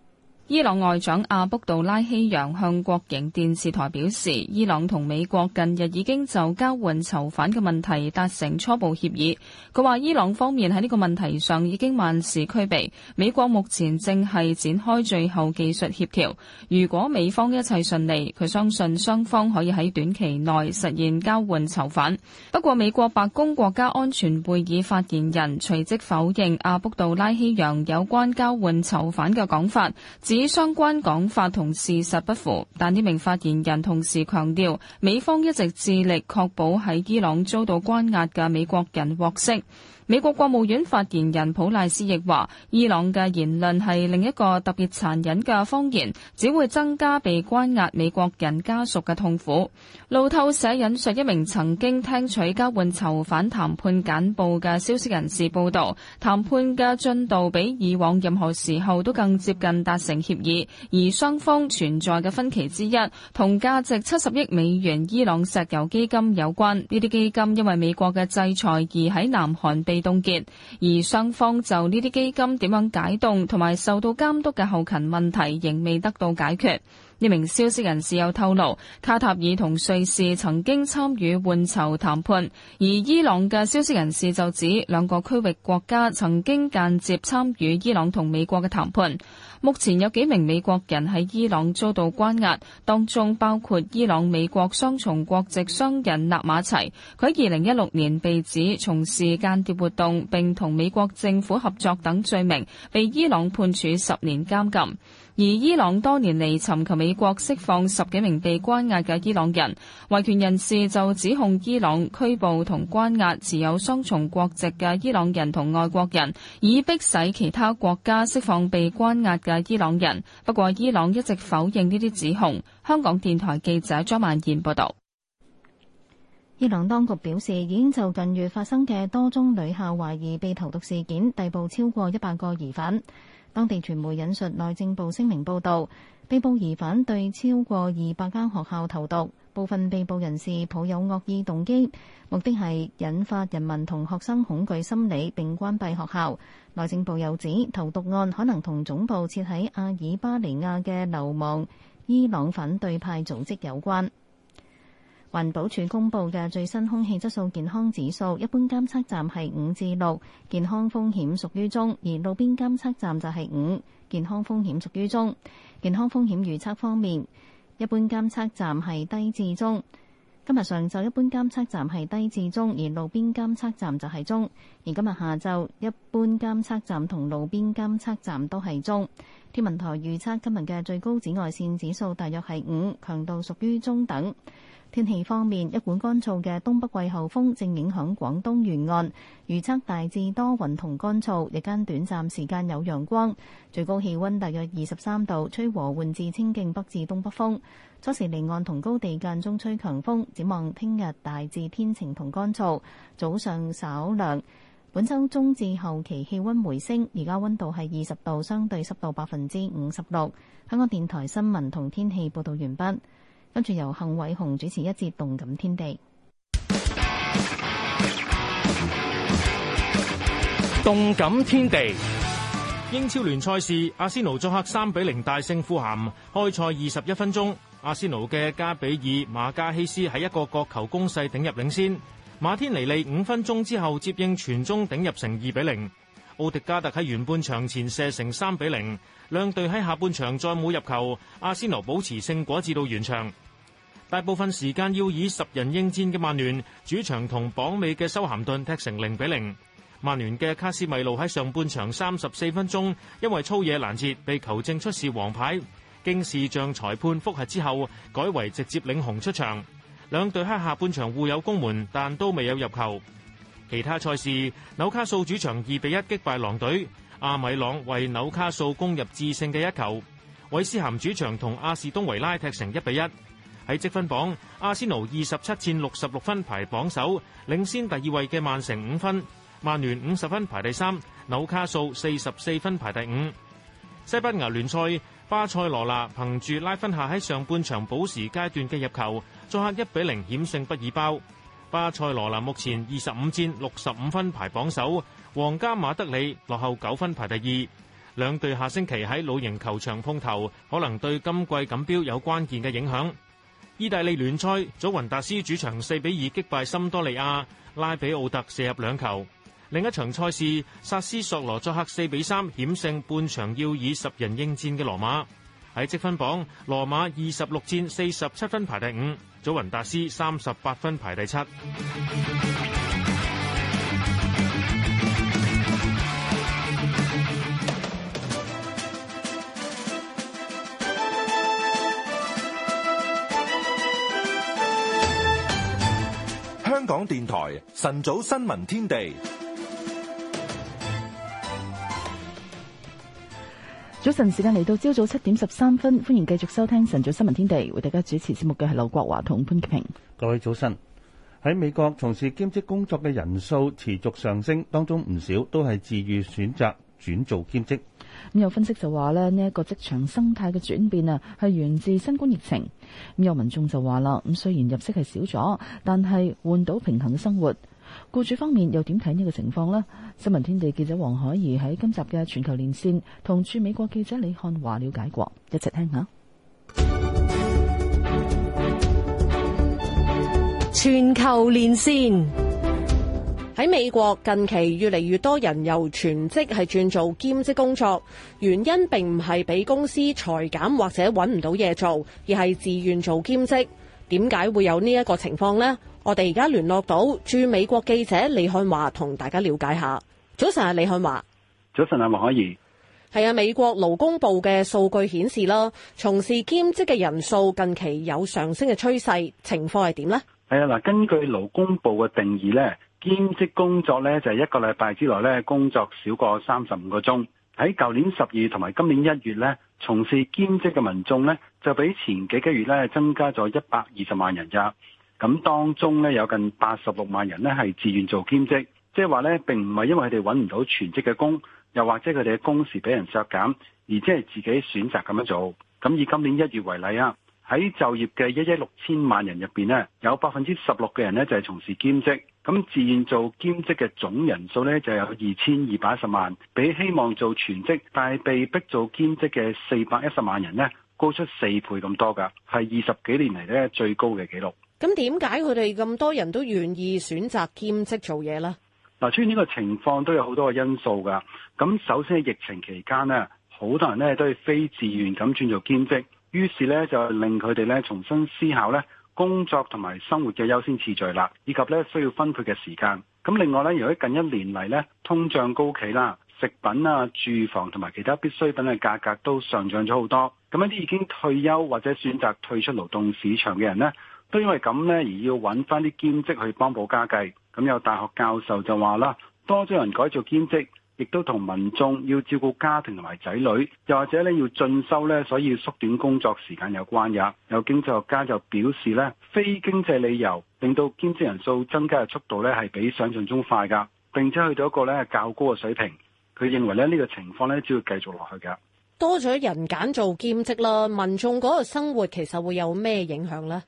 伊朗外長阿卜杜拉希揚向國營電視台表示，伊朗同美國近日已經就交換囚犯嘅問題達成初步協議。佢話伊朗方面喺呢個問題上已經萬事俱備，美國目前正係展開最後技術協調。如果美方一切順利，佢相信雙方可以喺短期內實現交換囚犯。不過，美國白宮國家安全會議發言人隨即否認阿卜杜拉希揚有關交換囚犯嘅講法。此相關講法同事實不符，但呢名發言人同時強調，美方一直致力確保喺伊朗遭到關押嘅美國人獲釋。美國國務院發言人普賴斯亦話，伊朗嘅言論係另一個特別殘忍嘅謊言，只會增加被關押美國人家屬嘅痛苦。路透社引述一名曾經聽取交換囚犯談判簡報嘅消息人士報道，談判嘅進度比以往任何時候都更接近達成協議，而雙方存在嘅分歧之一，同價值七十億美元伊朗石油基金有關。呢啲基金因為美國嘅制裁而喺南韓被凍結，而雙方就呢啲基金點樣解凍同埋受到監督嘅後勤問題仍未得到解決。一名消息人士又透露，卡塔爾同瑞士曾經參與換囚談判，而伊朗嘅消息人士就指兩個區域國家曾經間接參與伊朗同美國嘅談判。目前有幾名美國人喺伊朗遭到關押，當中包括伊朗美國雙重國籍商人納馬齊。佢喺二零一六年被指從事間諜活動，並同美國政府合作等罪名，被伊朗判處十年監禁。而伊朗多年嚟尋求美國釋放十幾名被關押嘅伊朗人，維權人士就指控伊朗拘捕同關押持有雙重國籍嘅伊朗人同外國人，以逼使其他國家釋放被關押嘅伊朗人。不過伊朗一直否認呢啲指控。香港電台記者張曼燕報道。伊朗當局表示已經就近月發生嘅多宗女校懷疑被投毒事件逮捕超過一百個疑犯。當地傳媒引述內政部聲明報道，被捕疑犯對超過二百間學校投毒，部分被捕人士抱有惡意動機，目的係引發人民同學生恐懼心理並關閉學校。內政部又指投毒案可能同總部設喺阿爾巴尼亞嘅流亡伊朗反對派組織有關。環保署公布嘅最新空氣質素健康指數，一般監測站係五至六，健康風險屬於中；而路邊監測站就係五，健康風險屬於中。健康風險預測方面，一般監測站係低至中。今日上晝一般監測站係低至中，而路邊監測站就係中。而今日下晝一般監測站同路邊監測站都係中。天文台預測今日嘅最高紫外線指數大約係五，強度屬於中等。天氣方面，一股乾燥嘅東北季候風正影響廣東沿岸，預測大致多雲同乾燥，日間短暫時間有陽光，最高氣温大約二十三度，吹和緩至清勁北至東北風。初時離岸同高地間中吹強風。展望聽日大致天晴同乾燥，早上稍涼。本週中至後期氣温回升，而家温度係二十度，相對濕度百分之五十六。香港電台新聞同天氣報導完畢。跟住由幸偉雄主持一節動感天地。動感天地，英超聯賽事，阿仙奴作客三比零大勝富咸。開賽二十一分鐘，阿仙奴嘅加比爾馬加希斯喺一個角球攻勢頂入領先。馬天尼利五分鐘之後接應傳中頂入成二比零。奧迪加特喺完半場前射成三比零。兩隊喺下半場再冇入球，阿仙奴保持勝果至到完場。大部分時間要以十人應戰嘅曼聯主場同榜尾嘅修咸頓踢成零比零。曼聯嘅卡斯米魯喺上半場三十四分鐘因為粗野攔截被球證出示黃牌，經視像裁判覆核之後，改為直接領紅出場。兩隊喺下半場互有攻門，但都未有入球。其他賽事，紐卡素主場二比一擊敗狼隊，阿米朗為紐卡素攻入致勝嘅一球。韋斯咸主場同阿士東維拉踢成一比一。喺積分榜，阿仙奴二十七戰六十六分排榜首，領先第二位嘅曼城五分。曼聯五十分排第三，紐卡素四十四分排第五。西班牙聯賽，巴塞羅那憑住拉芬夏喺上半場補時階段嘅入球，作客一比零險勝畢爾包。巴塞羅那目前二十五戰六十五分排榜首，皇家馬德里落後九分排第二。兩隊下星期喺老營球場碰頭，可能對今季錦標有關鍵嘅影響。意大利聯賽，祖雲達斯主場四比二擊敗森多利亞，拉比奧特射入兩球。另一場賽事，薩斯索羅作客四比三險勝半場要以十人應戰嘅羅馬。喺積分榜，羅馬二十六戰四十七分排第五，祖雲達斯三十八分排第七。香港電台晨早新聞天地，早晨時間嚟到，朝早七點十三分，歡迎繼續收聽晨早新聞天地，為大家主持節目嘅係劉國華同潘潔平。各位早晨！喺美國從事兼職工作嘅人數持續上升，當中唔少都係自願選擇轉做兼職。咁有分析就話咧，呢一個職場生態嘅轉變啊，係源自新冠疫情。咁有民眾就話啦，咁雖然入息係少咗，但係換到平衡嘅生活。僱主方面又點睇呢個情況呢？新聞天地記者黃海怡喺今集嘅全球連線同駐美國記者李漢華了解過，一齊聽下。全球連線。喺美國近期越嚟越多人由全職係轉做兼職工作，原因並唔係俾公司裁減或者搵唔到嘢做，而係自願做兼職。點解會有呢一個情況呢？我哋而家聯絡到駐美國記者李漢華同大家了解下。早晨啊，李漢華。早晨啊，莫可怡。係啊，美國勞工部嘅數據顯示啦，從事兼職嘅人數近期有上升嘅趨勢。情況係點呢？係啊，嗱，根據勞工部嘅定義咧。兼職工作咧，就係一個禮拜之內咧，工作少過三十五個鐘。喺舊年十二同埋今年一月咧，從事兼職嘅民眾咧，就比前幾個月咧增加咗一百二十萬人入。咁當中咧，有近八十六萬人咧係自願做兼職，即係話咧並唔係因為佢哋揾唔到全職嘅工，又或者佢哋嘅工時俾人削減，而即係自己選擇咁樣做。咁以今年一月為例啊，喺就業嘅一億六千萬人入邊咧，有百分之十六嘅人咧就係從事兼職。咁自願做兼職嘅總人數呢，就有二千二百一十萬，比希望做全職但係被逼做兼職嘅四百一十萬人呢，高出四倍咁多噶，係二十幾年嚟呢，最高嘅記錄。咁點解佢哋咁多人都願意選擇兼職做嘢呢？嗱，出現呢個情況都有好多個因素㗎。咁首先係疫情期間呢，好多人呢都要非自願咁轉做兼職，於是呢，就令佢哋呢重新思考呢。工作同埋生活嘅優先次序啦，以及咧需要分配嘅時間。咁另外咧，由於近一年嚟咧通脹高企啦，食品啊、住房同埋其他必需品嘅價格都上漲咗好多。咁一啲已經退休或者選擇退出勞動市場嘅人呢，都因為咁呢而要揾翻啲兼職去幫補家計。咁有大學教授就話啦，多咗人改做兼職。亦都同民眾要照顧家庭同埋仔女，又或者咧要進修咧，所以要縮短工作時間有關嘅。有經濟學家就表示咧，非經濟理由令到兼職人數增加嘅速度咧，係比想像中快噶，並且去到一個咧較高嘅水平。佢認為咧呢個情況咧，只要繼續落去嘅。多咗人揀做兼職啦，民眾嗰個生活其實會有咩影響呢？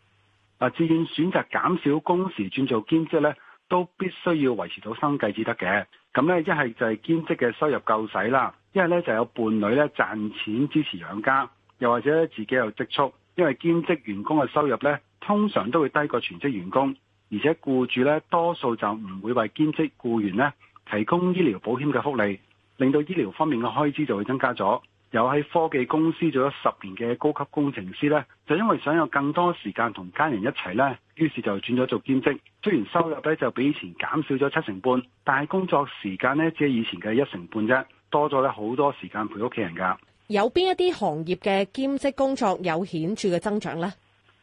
啊，自願選擇減少工時轉做兼職咧，都必須要維持到生計至得嘅。咁咧，一係就係兼職嘅收入夠使啦，一係咧就有伴侶咧賺錢支持養家，又或者自己有積蓄。因為兼職員工嘅收入咧，通常都會低過全職員工，而且僱主咧多數就唔會為兼職僱員咧提供醫療保險嘅福利，令到醫療方面嘅開支就會增加咗。有喺科技公司做咗十年嘅高級工程師呢，就因為想有更多時間同家人一齊呢，於是就轉咗做兼職。雖然收入呢就比以前減少咗七成半，但係工作時間呢只係以前嘅一成半啫，多咗咧好多時間陪屋企人噶。有邊一啲行業嘅兼職工作有顯著嘅增長呢？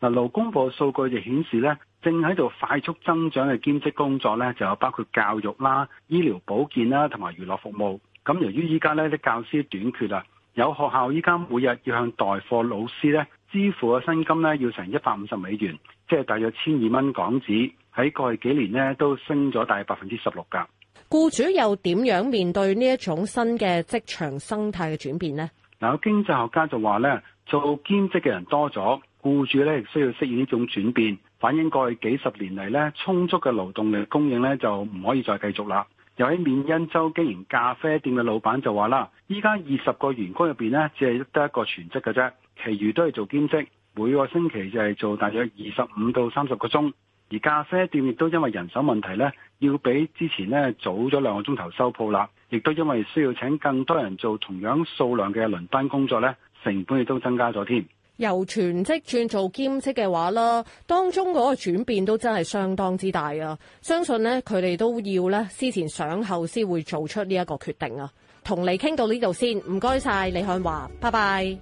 嗱，勞工部數據就顯示呢，正喺度快速增長嘅兼職工作呢，就有包括教育啦、醫療保健啦同埋娛樂服務。咁由於依家呢啲教師短缺啊。有學校依家每日要向代課老師咧支付嘅薪金咧，要成一百五十美元，即係大約千二蚊港紙。喺過去幾年咧，都升咗大約百分之十六噶。雇主又點樣面對呢一種新嘅職場生態嘅轉變呢？嗱，經濟學家就話咧，做兼職嘅人多咗，雇主咧亦需要適應呢種轉變。反映過去幾十年嚟咧，充足嘅勞動力供應咧，就唔可以再繼續啦。又喺緬恩州經營咖啡店嘅老闆就話啦：依家二十個員工入邊呢，只係得一個全職嘅啫，其餘都係做兼職，每個星期就係做大約二十五到三十個鐘。而咖啡店亦都因為人手問題呢，要比之前呢早咗兩個鐘頭收鋪啦，亦都因為需要請更多人做同樣數量嘅輪班工作呢，成本亦都增加咗添。由全職轉做兼職嘅話啦，當中嗰個轉變都真係相當之大啊！相信呢，佢哋都要呢，思前想後先會做出呢一個決定啊！同你傾到呢度先，唔該晒李漢華，拜拜，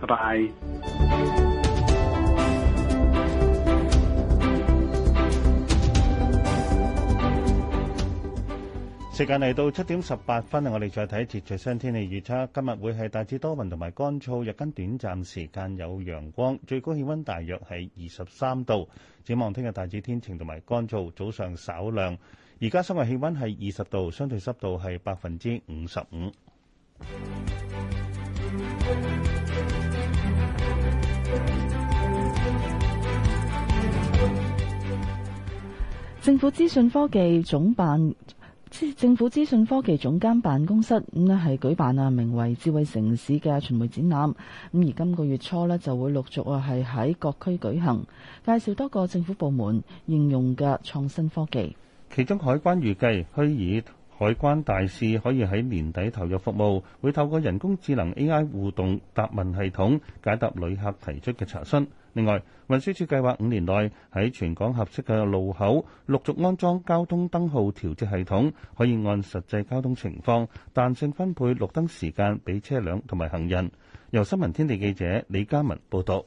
拜拜。時間嚟到七點十八分啊！我哋再睇一次最新天氣預測。今日會係大致多雲同埋乾燥，日間短暫時間有陽光，最高氣温大約係二十三度。展望聽日大致天晴同埋乾燥，早上稍涼。而家室外氣温係二十度，相對濕度係百分之五十五。政府資訊科技總辦。政府資訊科技總監辦公室，咁咧係舉辦啊，名為智慧城市嘅巡迴展覽，咁而今個月初咧就會陸續啊係喺各區舉行，介紹多個政府部門應用嘅創新科技。其中海關預計虛擬海關大使可以喺年底投入服務，會透過人工智能 AI 互動答問係統解答旅客提出嘅查詢。另外，運輸署計劃五年內喺全港合適嘅路口陸續安裝交通燈號調節系統，可以按實際交通情況彈性分配綠燈時間俾車輛同埋行人。由新聞天地記者李嘉文報道。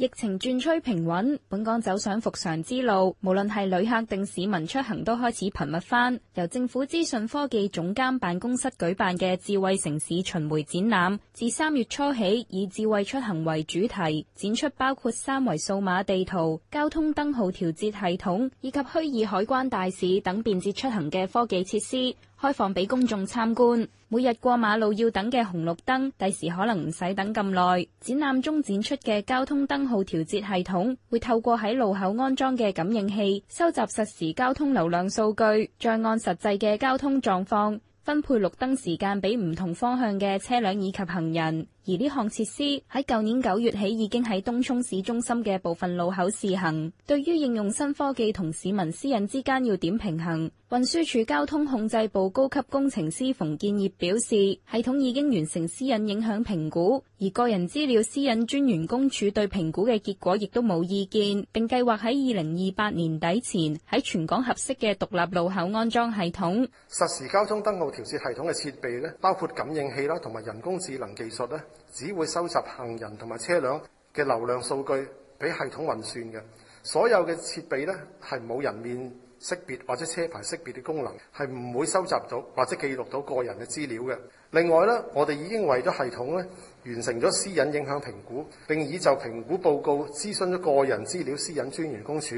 疫情轉趨平穩，本港走上復常之路，無論係旅客定市民出行都開始頻密返。由政府資訊科技總監辦公室舉辦嘅智慧城市巡迴展覽，自三月初起以智慧出行為主題，展出包括三維數碼地圖、交通燈號調節系統以及虛擬海關大使等便捷出行嘅科技設施。開放俾公眾參觀。每日過馬路要等嘅紅綠燈，第時可能唔使等咁耐。展覽中展出嘅交通燈號調節系統，會透過喺路口安裝嘅感應器，收集實時交通流量數據，再按實際嘅交通狀況，分配綠燈時間俾唔同方向嘅車輛以及行人。而呢項設施喺舊年九月起已經喺東涌市中心嘅部分路口試行。對於應用新科技同市民私隱之間要點平衡，運輸署交通控制部高級工程師馮建業表示，系統已經完成私隱影響評估，而個人資料私隱專員公署對評估嘅結果亦都冇意見，並計劃喺二零二八年底前喺全港合適嘅獨立路口安裝系統。實時交通燈號調節系統嘅設備咧，包括感應器啦，同埋人工智能技術咧，只會收集行人同埋車輛嘅流量數據俾系統運算嘅，所有嘅設備呢，係冇人面識別或者車牌識別嘅功能，係唔會收集到或者記錄到個人嘅資料嘅。另外呢，我哋已經為咗系統呢完成咗私隱影響評估，並已就評估報告諮詢咗個人資料私隱專員公署。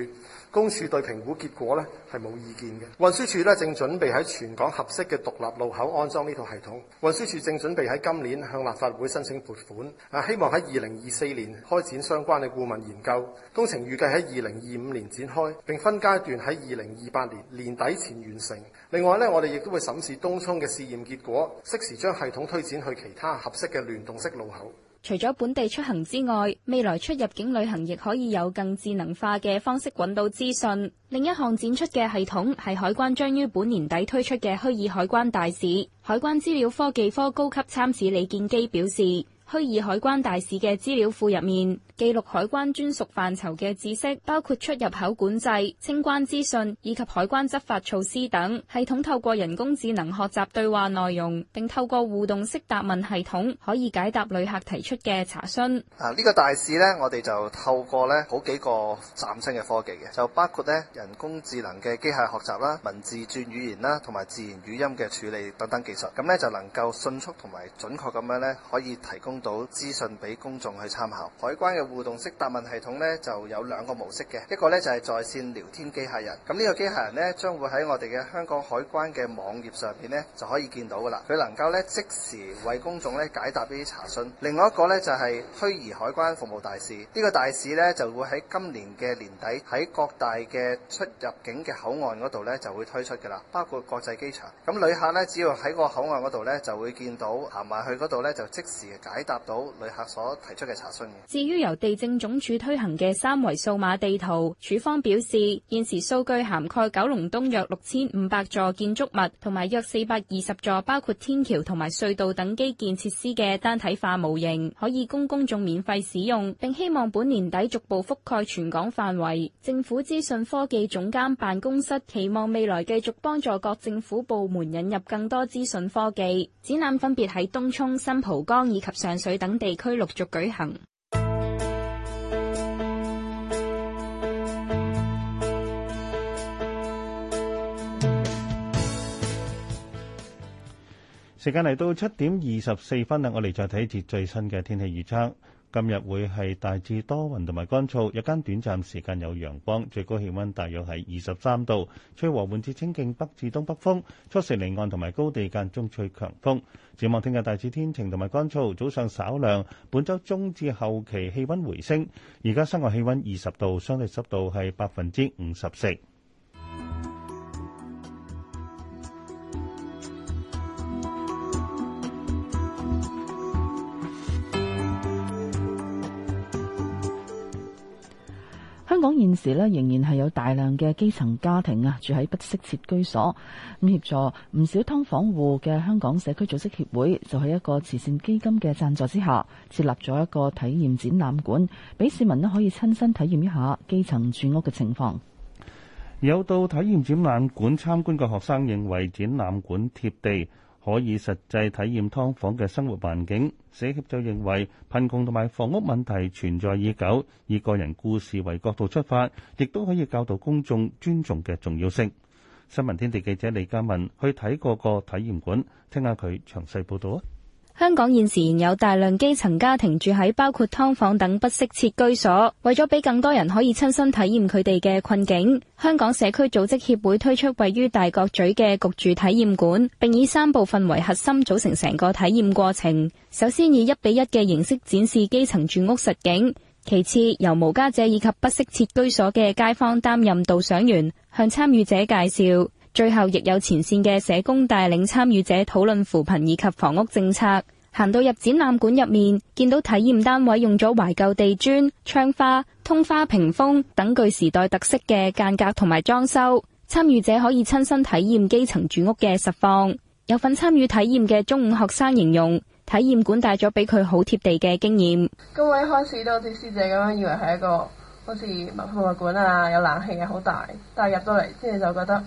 公署對評估結果呢係冇意見嘅。運輸署呢正準備喺全港合適嘅獨立路口安裝呢套系統。運輸署正準備喺今年向立法會申請撥款，啊希望喺二零二四年開展相關嘅顧問研究。工程預計喺二零二五年展開，並分階段喺二零二八年年底前完成。另外呢，我哋亦都會審視東涌嘅試驗結果，適時將系統推展去其他合適嘅聯動式路口。除咗本地出行之外，未來出入境旅行亦可以有更智能化嘅方式揾到資訊。另一項展出嘅系統係海關將於本年底推出嘅虛擬海關大使。海關資料科技科高級參事李建基表示。虛擬海關大使嘅資料庫入面記錄海關專屬範疇嘅知識，包括出入口管制、清關資訊以及海關執法措施等。系統透過人工智能學習對話內容，並透過互動式答問系統可以解答旅客提出嘅查詢。啊，呢個大使呢，我哋就透過呢好幾個嶄新嘅科技嘅，就包括呢人工智能嘅機械學習啦、文字轉語言啦，同埋自然語音嘅處理等等技術，咁呢，就能夠迅速同埋準確咁樣呢，可以提供到資訊俾公眾去參考。海關嘅互動式答問系統呢，就有兩個模式嘅，一個呢，就係在線聊天機械人。咁呢個機械人呢，將會喺我哋嘅香港海關嘅網頁上邊呢，就可以見到㗎啦。佢能夠呢，即時為公眾呢解答呢啲查詢。另外一個呢，就係虛擬海關服務大使。呢個大使呢，就會喺今年嘅年底喺各大嘅出入境嘅口岸嗰度呢，就會推出㗎啦，包括國際機場。咁旅客呢，只要喺個口岸嗰度呢，就會見到行埋去嗰度呢，就即時解答。答到旅客所提出嘅查詢嘅。至於由地政總署推行嘅三維數碼地圖，署方表示現時數據涵蓋九龍東約六千五百座建築物，同埋約四百二十座包括天橋同埋隧道等基建設施嘅單體化模型，可以供公眾免費使用。並希望本年底逐步覆蓋全港範圍。政府資訊科技總監辦公室期望未來繼續幫助各政府部門引入更多資訊科技。展覽分別喺東涌、新蒲崗以及上。水等地區陸續舉行。時間嚟到七點二十四分啦， 我哋再睇一次最新嘅天氣預測。今日會係大致多雲同埋乾燥，日間短暫時間有陽光，最高氣溫大約係二十三度，吹和緩至清勁北至東北風，初時離岸同埋高地間中吹強風。展望聽日大致天晴同埋乾燥，早上稍涼。本周中至後期氣溫回升，而家室外氣溫二十度，相對濕度係百分之五十四。香港現時咧仍然係有大量嘅基層家庭啊住喺不適切居所，咁協助唔少劏房戶嘅香港社區組織協會就喺一個慈善基金嘅贊助之下設立咗一個體驗展覽館，俾市民咧可以親身體驗一下基層住屋嘅情況。有到體驗展覽館參觀嘅學生認為展覽館貼地。可以實際體驗劏房嘅生活環境，社協就認為貧窮同埋房屋問題存在已久，以個人故事為角度出發，亦都可以教導公眾尊重嘅重要性。新聞天地記者李家文去睇嗰個個體驗館，聽下佢詳細報道。香港現時仍有大量基層家庭住喺包括㓥房等不適切居所，為咗俾更多人可以親身體驗佢哋嘅困境，香港社區組織協會推出位於大角咀嘅焗住體驗館，並以三部分為核心組成成個體驗過程。首先以一比一嘅形式展示基層住屋實景，其次由無家者以及不適切居所嘅街坊擔任導賞員，向參與者介紹。最後亦有前線嘅社工帶領參與者討論扶貧以及房屋政策。行到入展覽館入面，見到體驗單位用咗懷舊地磚、窗花、通花屏風等具時代特色嘅間隔同埋裝修。參與者可以親身體驗基層住屋嘅實況。有份參與體驗嘅中五學生形容，體驗館帶咗俾佢好貼地嘅經驗。咁我一開始都好似師姐咁樣，以為係一個好似物博物館啊，有冷氣啊，好大。但係入到嚟，即係就覺得。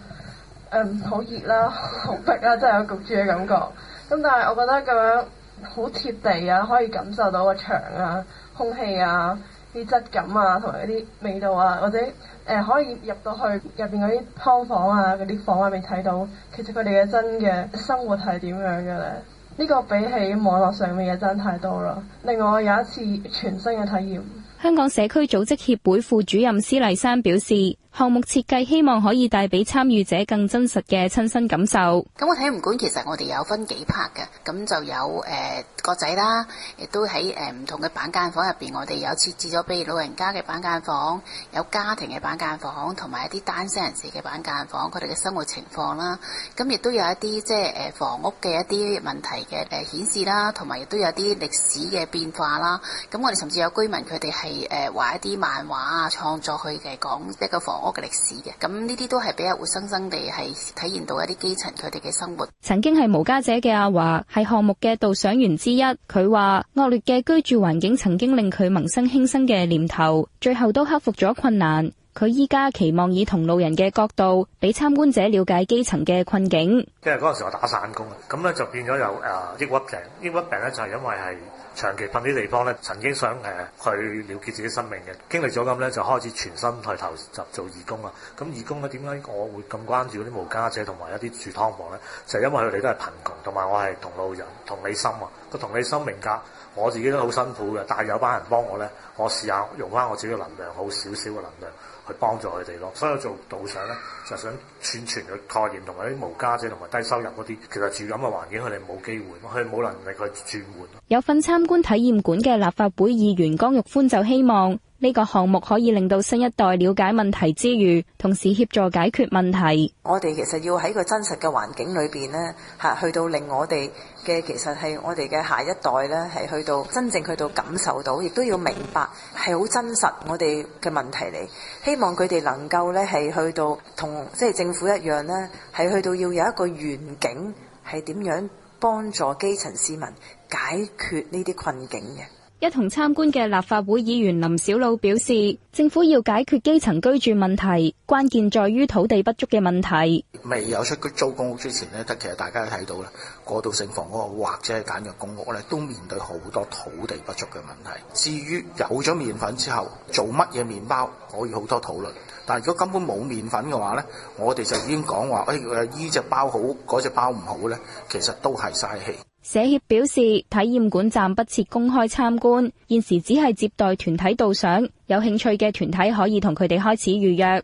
嗯，好熱啦，啊，好逼啦，真係有焗住嘅感覺。咁但係我覺得咁樣好貼地啊，可以感受到個牆啊、空氣啊、啲質感啊，同埋啲味道啊，或者誒、呃、可以入到去入邊嗰啲湯房啊、嗰啲房入面睇到，其實佢哋嘅真嘅生活係點樣嘅咧？呢、呢個比起網絡上面嘢真太多啦。令我有一次全新嘅體驗。香港社區組織協會副主任施麗珊表示。項目設計希望可以帶俾參與者更真實嘅親身感受。咁個體驗館其實我哋有分幾 part 嘅，咁就有誒個仔啦，亦都喺誒唔同嘅板間房入邊，我哋有設置咗，比如老人家嘅板間房，有家庭嘅板間房，同埋一啲單身人士嘅板間房，佢哋嘅生活情況啦。咁亦都有一啲即係誒房屋嘅一啲問題嘅誒顯示啦，同埋亦都有啲歷史嘅變化啦。咁我哋甚至有居民佢哋係誒畫一啲漫畫啊，創作去嘅講一個房我嘅歷史嘅，咁呢啲都係比較活生生地係體現到一啲基層佢哋嘅生活。曾經係無家者嘅阿華係項目嘅導賞員之一。佢話惡劣嘅居住環境曾經令佢萌生輕生嘅念頭，最後都克服咗困難。佢依家期望以同路人嘅角度，俾參觀者了解基層嘅困境。即係嗰陣時我打散工，咁咧就變咗有誒抑鬱症。抑鬱病咧就係因為係。長期瞓啲地方咧，曾經想誒去了結自己生命嘅，經歷咗咁咧，就開始全身去投集做義工啊！咁義工咧，點解我會咁關注啲無家者同埋一啲住劏房咧？就係，因為佢哋都係貧窮，同埋我係同路人、同理心啊！個同，同理心名格，我自己都好辛苦嘅，但係有班人幫我咧，我試下用返我自己嘅能量，好少少嘅能量。去幫助佢哋咯，所以做導賞咧就想串傳個概念，同埋啲無家者同埋低收入嗰啲，其實住咁嘅環境，佢哋冇機會，佢哋冇能力去轉換。有份參觀體驗館嘅立法會議員江玉歡就希望。呢個項目可以令到新一代了解問題之餘，同時協助解決問題。我哋其實要喺個真實嘅環境裏邊咧，吓去到令我哋嘅其實係我哋嘅下一代咧，係去到真正去到感受到，亦都要明白係好真實我哋嘅問題嚟。希望佢哋能夠咧係去到同即係政府一樣咧，係去到要有一個願景，係點樣幫助基層市民解決呢啲困境嘅。一同參觀嘅立法會議員林筱魯表示，政府要解決基層居住問題，關鍵在於土地不足嘅問題。未有出租公屋之前咧，得其實大家都睇到啦，過渡性房屋或者係簡約公屋咧，都面對好多土地不足嘅問題。至於有咗麵粉之後做乜嘢麵包，可以好多討論。但係如果根本冇麵粉嘅話咧，我哋就已經講話，誒誒，呢隻包好，嗰隻包唔好咧，其實都係嘥氣。社協表示，體驗館暫不設公開參觀，現時只係接待團體導賞。有興趣嘅團體可以同佢哋開始預約。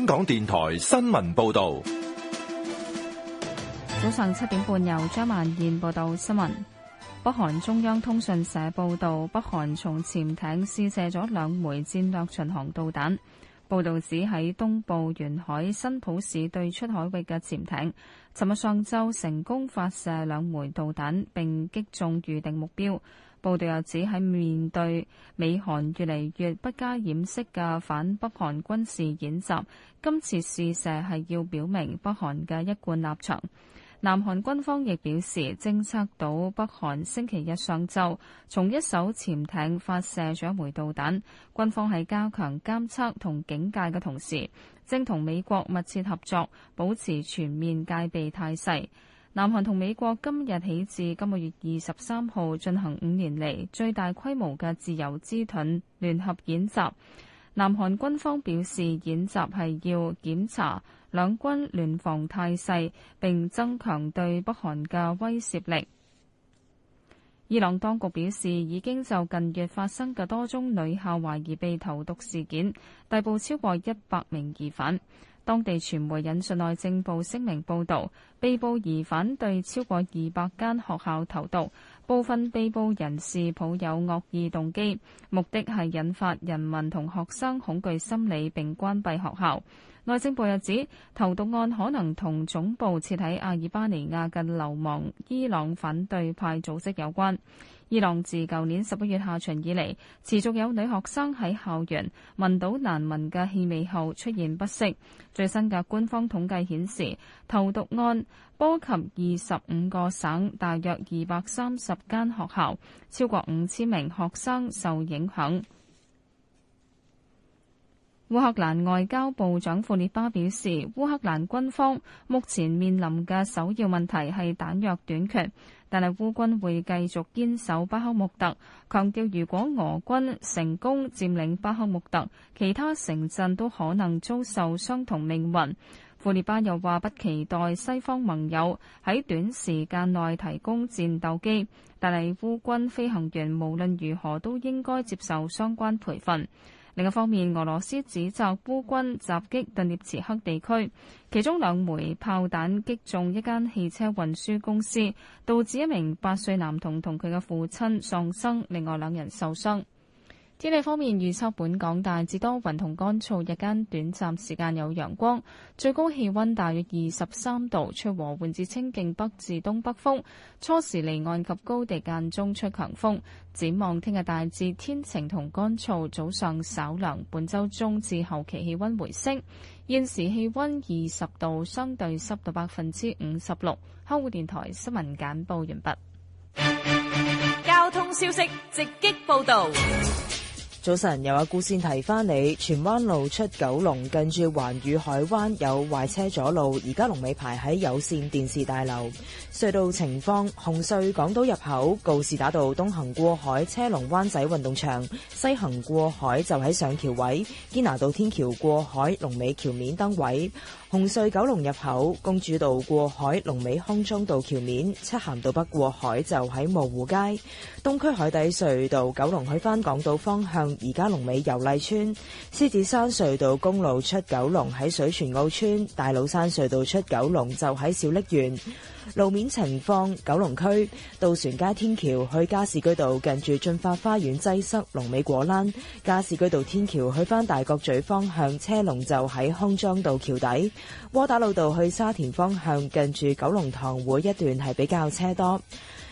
香港電台新聞報道，早上七點半由張萬燕報道新聞。北韓中央通訊社報道，北韓從潛艇試射咗兩枚戰略巡航導彈。報道指喺東部沿海新浦市對出海域嘅潛艇，尋日上晝成功發射兩枚導彈，並擊中預定目標。報導又指喺面對美韓越嚟越不加掩飾嘅反北韓軍事演習，今次試射係要表明北韓嘅一貫立場。南韓軍方亦表示，偵測到北韓星期日上晝從一艘潛艇發射咗一枚導彈，軍方喺加強監測同警戒嘅同時，正同美國密切合作，保持全面戒備態勢。南韓同美國今日起至今個月二十三號進行五年嚟最大規模嘅自由之盾聯合演習。南韓軍方表示，演習係要檢查兩軍聯防態勢，並增強對北韓嘅威懾力。伊朗當局表示，已經就近日發生嘅多宗女校懷疑被投毒事件，逮捕超過一百名疑犯。當地傳媒引述內政部聲明報道，被捕疑犯對超過二百間學校投毒，部分被捕人士抱有惡意動機，目的係引發人民同學生恐懼心理並關閉學校。內政部又指，投毒案可能同總部設喺阿爾巴尼亞嘅流亡伊朗反對派組織有關。伊朗自舊年十一月下旬以嚟，持續有女學生喺校園聞到難聞嘅氣味後出現不適。最新嘅官方統計顯示，投毒案波及二十五個省，大約二百三十間學校，超過五千名學生受影響。烏克蘭外交部長庫列巴表示，烏克蘭軍方目前面臨嘅首要問題係彈藥短缺，但係烏軍會繼續堅守巴克穆特，強調如果俄軍成功佔領巴克穆特，其他城鎮都可能遭受相同命運。庫列巴又話：不期待西方盟友喺短時間內提供戰鬥機，但係烏軍飛行員無論如何都應該接受相關培訓。另一方面，俄羅斯指責烏軍襲擊頓涅茨克地區，其中兩枚炮彈擊中一間汽車運輸公司，導致一名八歲男童同佢嘅父親喪生，另外兩人受傷。天氣方面，預測本港大致多雲同乾燥，日間短暫時間有陽光，最高氣溫大約二十三度，吹和緩至清勁北至東北風，初時離岸及高地間中吹強風。展望聽日大致天晴同乾燥，早上稍涼，本周中至後期氣溫回升。現時氣溫二十度，相對濕度百分之五十六。香港電台新聞簡報完畢。交通消息直擊報道。早晨，有阿顧線提翻你，荃灣路出九龍，近住環宇海灣有壞車阻路，而家龍尾排喺有線電視大樓。隧道情況：紅隧港島入口告士打道東行過海車龍，灣仔運動場西行過海就喺上橋位，堅拿道天橋過海龍尾橋面燈位。紅隧九龍入口，公主道過海，龍尾康莊道橋面；漆咸道北過海就喺蕪湖街。東區海底隧道九龍去翻港島方向，而家龍尾油麗村。獅子山隧道公路出九龍喺水泉澳村，大老山隧道出九龍就喺小瀝源。路面情況：九龍區渡船街天橋去加士居道近住駿發花園擠塞龍，龍尾果欄；加士居道天橋去翻大角咀方向車龍就喺康莊道橋底；窩打老道去沙田方向近住九龍塘會一段係比較車多；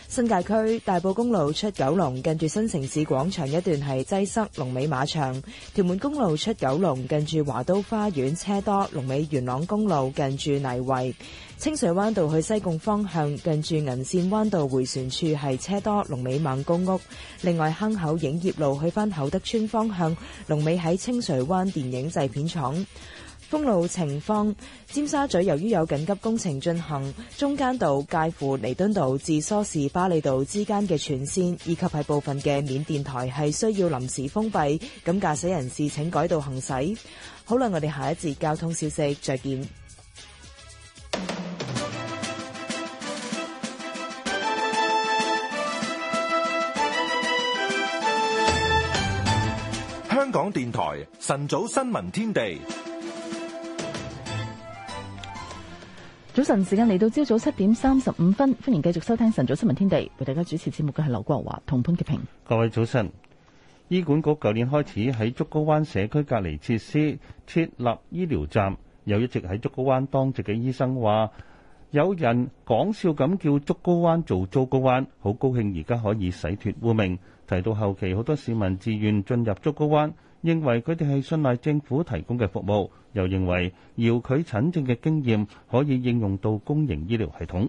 新界區大埔公路出九龍近住新城市廣場一段係擠塞，龍尾馬場；屯門公路出九龍近住華都花園車多，龍尾元朗公路近住泥圍。清水灣道去西貢方向，近住銀線灣道回旋處係車多，龍尾猛公屋。另外，坑口影業路去翻厚德村方向，龍尾喺清水灣電影製片廠。封路情況：尖沙咀由於有緊急工程進行，中間道介乎彌敦道至梳士巴利道之間嘅全線，以及係部分嘅緬甸台係需要臨時封閉，咁駕駛人士請改道行駛。好啦，我哋下一節交通消息再見。香港電台晨早新聞天地，早晨時間嚟到朝早七點三十五分，歡迎繼續收聽晨早新聞天地，為大家主持節目嘅係劉國華同潘潔平。各位早晨。醫管局舊年開始喺竹篙灣社區隔離設施設立醫療站，又一直喺竹篙灣當值嘅醫生話，有人講笑咁叫竹篙灣做糟糕灣，好高興而家可以洗脫污名。提到後期好多市民自願進入竹篙灣，認為佢哋係信賴政府提供嘅服務，又認為遙距診症嘅經驗可以應用到公營醫療系統。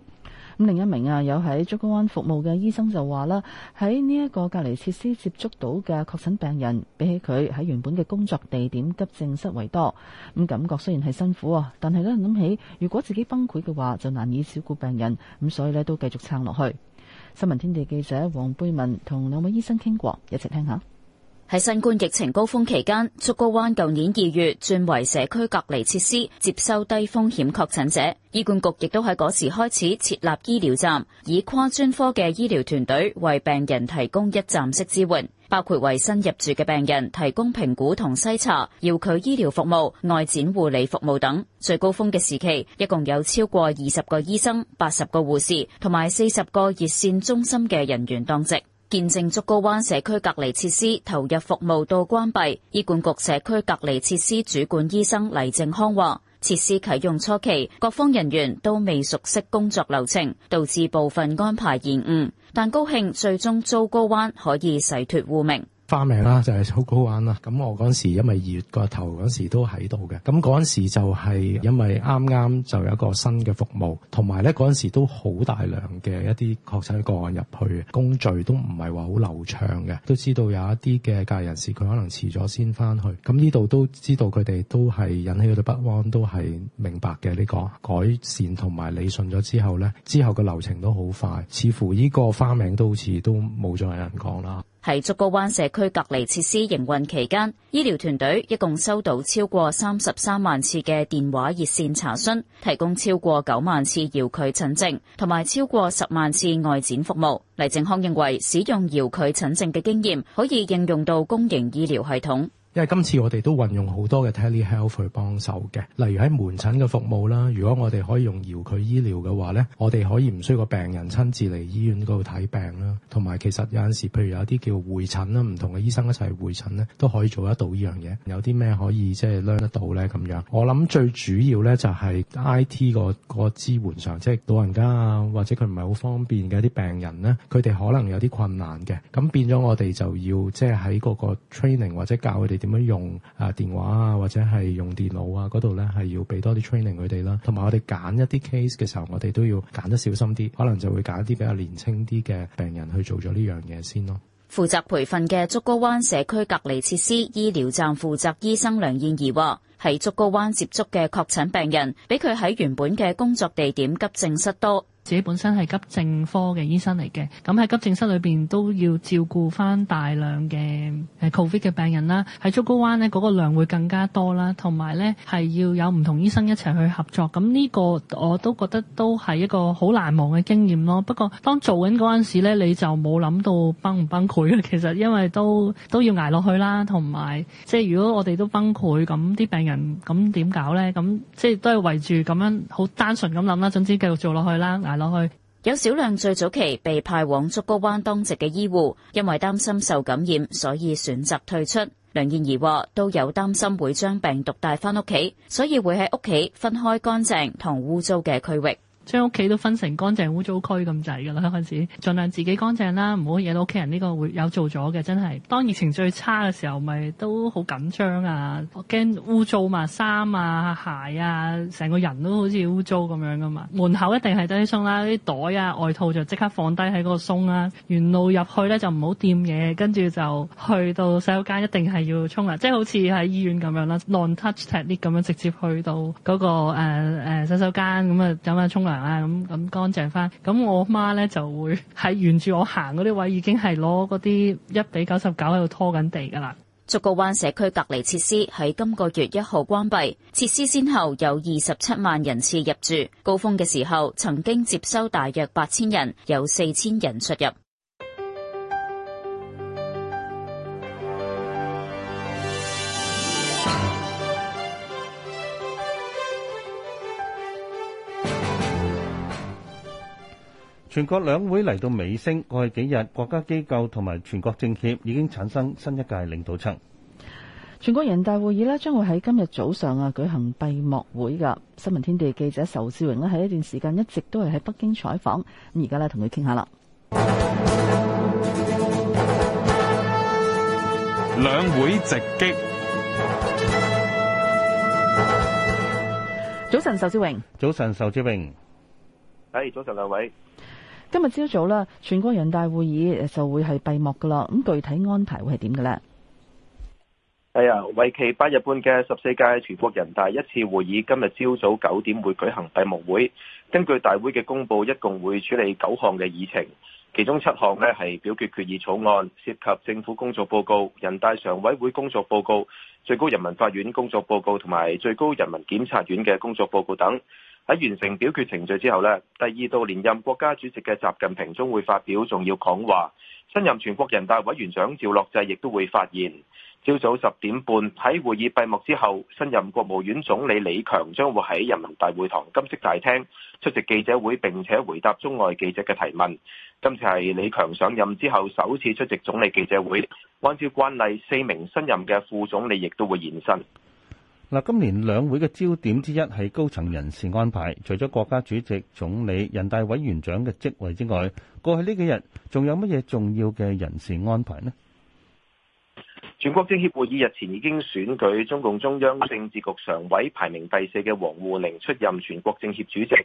咁另一名啊有喺竹篙灣服務嘅醫生就話啦，喺呢一個隔離設施接觸到嘅確診病人，比起佢喺原本嘅工作地點急症室為多。咁感覺雖然係辛苦啊，但係咧諗起如果自己崩潰嘅話就難以照顧病人，咁所以咧都繼續撐落去。新聞天地記者黃貝文同兩位醫生傾過，一齊聽下。喺新冠疫情高峰期間，竹篙灣舊年二月轉為社區隔離設施，接收低風險確診者。醫管局亦都喺嗰時開始設立醫療站，以跨專科嘅醫療團隊為病人提供一站式支援。包括為新入住嘅病人提供評估同篩查、遙距醫療服務、外展護理服務等。最高峰嘅時期，一共有超過二十個醫生、八十個護士同埋四十個熱線中心嘅人員當值，見證竹篙灣社區隔離設施投入服務到關閉。醫管局社區隔離設施主管醫生黎正康話。設施啟用初期，各方人員都未熟悉工作流程，導致部分安排延誤。但高興最終竹篙灣可以洗脫污名。花名啦、啊，就係好好玩啦。咁我嗰陣時，因為二月個頭嗰陣時都喺度嘅，咁嗰陣時就係因為啱啱就有一個新嘅服務，同埋咧嗰陣時都好大量嘅一啲確診個案入去，工序都唔係話好流暢嘅。都知道有一啲嘅隔離人士佢可能遲咗先翻去，咁呢度都知道佢哋都係引起佢哋不安，都係明白嘅呢、呢個改善同埋理順咗之後咧，之後嘅流程都好快，似乎呢個花名都好似都冇再有人講啦。喺竹篙灣社區隔離設施營運期間，醫療團隊一共收到超過三十三萬次嘅電話熱線查詢，提供超過九萬次遙距診症，同埋超過十萬次外展服務。黎正康認為，使用遙距診症嘅經驗可以應用到公營醫療系統。因為今次我哋都運用好多嘅 telehealth 去幫手嘅，例如喺門診嘅服務啦。如果我哋可以用遙距醫療嘅話呢，我哋可以唔需要個病人親自嚟醫院嗰度睇病啦。同埋其實有陣時，譬如有啲叫會診啦，唔同嘅醫生一齊會診咧，都可以做得到呢樣嘢。有啲咩可以即係 learn 得到呢？咁樣，我諗最主要呢就係 IT 嗰個支援上，即係老人家或者佢唔係好方便嘅一啲病人呢，佢哋可能有啲困難嘅。咁變咗我哋就要即係喺嗰個 training 或者教佢哋。點樣用啊電話啊或者係用電腦啊嗰度咧係要俾多啲 training 佢哋啦，同埋我哋揀一啲 case 嘅時候，我哋都要揀得小心啲，可能就會揀一啲比較年青啲嘅病人去做咗呢樣嘢先咯。負責培訓嘅竹篙灣社區隔離設施醫療站負責醫生梁燕儀、啊。係竹篙灣接觸嘅確診病人，比佢喺原本嘅工作地點急症室多。自己本身係急症科嘅醫生嚟嘅，咁喺急症室裏邊都要照顧翻大量嘅誒 Covid 嘅病人啦。喺竹篙灣呢，嗰個量會更加多啦，同埋呢，係要有唔同醫生一齊去合作。咁呢個我都覺得都係一個好難忘嘅經驗咯。不過當做緊嗰陣時咧，你就冇諗到崩唔崩潰啊。其實因為都都要捱落去啦，同埋即係如果我哋都崩潰，咁啲病人。咁點搞呢？咁即係都係圍住咁樣，好單純咁諗啦。總之繼續做落去啦，挨落去。有少量最早期被派往竹篙灣當值嘅醫護，因為擔心受感染，所以選擇退出。梁燕儀話都有擔心會將病毒帶翻屋企，所以會喺屋企分開乾淨同污糟嘅區域。將屋企都分成乾淨污糟區咁滯㗎啦，開始盡量自己乾淨啦，唔好惹到屋企人。呢個會有做咗嘅，真係當疫情最差嘅時候，咪都好緊張啊！我驚污糟嘛，衫啊、鞋啊，成個人都好似污糟咁樣㗎嘛。門口一定係低鬆啦，啲袋啊、外套就即刻放低喺嗰個鬆啦。沿路入去咧就唔好掂嘢，跟住就去到洗手間一定係要沖涼，即係好似喺醫院咁樣啦樣，non touch technique 咁樣直接去到嗰、嗰個誒、呃呃呃、洗手間咁啊，咁啊沖涼。啊，咁咁乾淨返，咁、嗯、我媽咧就會喺沿住我行嗰啲位，已經係攞嗰啲一比九十九喺度拖緊地㗎喇。竹篙灣社區隔離設施喺今個月一號關閉，設施先後有二十七萬人次入住，高峰嘅時候曾經接收大約八千人，有四千人出入。全國兩會嚟到尾聲，過去幾日，國家機構同埋全國政協已經產生新一屆領導層。全國人大會議咧，將會喺今日早上啊舉行閉幕會噶。新聞天地記者仇志榮咧，喺一段時間一直都係喺北京採訪，咁而家咧同佢傾下啦。兩會直擊。早晨，仇志榮。早晨，仇志榮。誒、hey，早晨兩位。今日朝早啦，全國人大會議就會係閉幕噶啦。咁具體安排會係點嘅咧？係啊、哎，為期八日半嘅十四屆全國人大一次會議今日朝早九點會舉行閉幕會。根據大會嘅公布，一共會處理九項嘅議程，其中七項呢係表決決議草案，涉及政府工作報告、人大常委會工作報告、最高人民法院工作報告同埋最高人民檢察院嘅工作報告等。喺完成表決程序之後，咧，第二度連任國家主席嘅習近平將會發表重要講話。新任全國人大委員長趙樂際亦都會發言。朝早十點半喺會議閉幕之後，新任國務院總理李強將會喺人民大會堂金色大廳出席記者會，並且回答中外記者嘅提問。今次係李強上任之後首次出席總理記者會，按照慣例，四名新任嘅副總理亦都會現身。嗱，今年兩會嘅焦點之一係高層人事安排，除咗國家主席、總理、人大委員長嘅職位之外，過去呢幾日仲有乜嘢重要嘅人事安排呢？全國政協會議日前已經選舉中共中央政治局常委排名第四嘅王滬寧出任全國政協主席，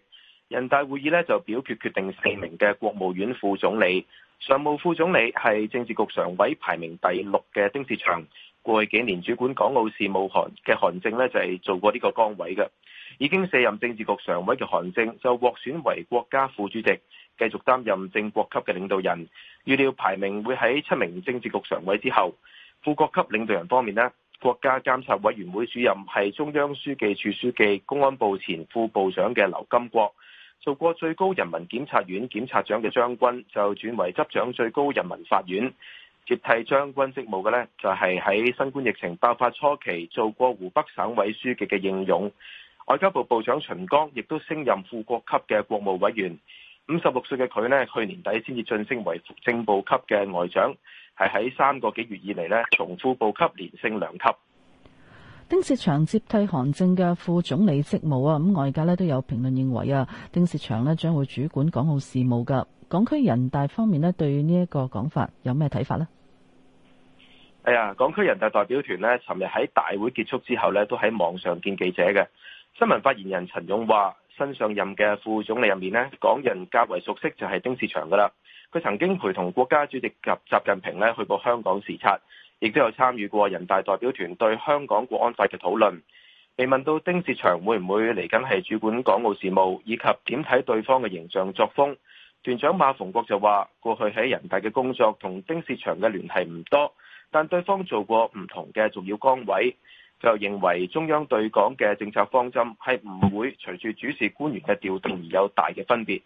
人大會議呢就表決決定四名嘅國務院副總理，常務副總理係政治局常委排名第六嘅丁薛祥。過去幾年主管港澳事務韓嘅韓正呢，就係做過呢個崗位嘅，已經卸任政治局常委嘅韓正就獲選為國家副主席，繼續擔任正國級嘅領導人。預料排名會喺七名政治局常委之後，副國級領導人方面咧，國家監察委員會主任係中央書記處書記、公安部前副部長嘅劉金國，做過最高人民檢察院檢察長嘅張軍就轉為執掌最高人民法院。接替將軍職務嘅呢，就係、是、喺新冠疫情爆發初期做過湖北省委書記嘅應勇，外交部部長秦剛亦都升任副國級嘅國務委員。五十六歲嘅佢呢，去年底先至晉升為正部級嘅外長，係喺三個幾月以嚟呢，從副部級連升兩級。丁薛祥接替韓正嘅副總理職務啊，咁外界呢，都有評論認為啊，丁薛祥呢將,將會主管港澳事務噶。港區人大方面咧，對呢一個講法有咩睇法呢？哎呀，港區人大代表團呢，尋日喺大會結束之後咧，都喺網上見記者嘅新聞發言人陳勇話，新上任嘅副總理入面咧，港人較為熟悉就係丁薛祥噶啦。佢曾經陪同國家主席及習近平咧去過香港視察，亦都有參與過人大代表團對香港國安法嘅討論。被問到丁薛祥會唔會嚟緊係主管港澳事務，以及點睇對方嘅形象作風？團長馬逢國就話：過去喺人大嘅工作同丁仕祥嘅聯繫唔多，但對方做過唔同嘅重要崗位，就認為中央對港嘅政策方針係唔會隨住主事官員嘅調動而有大嘅分別。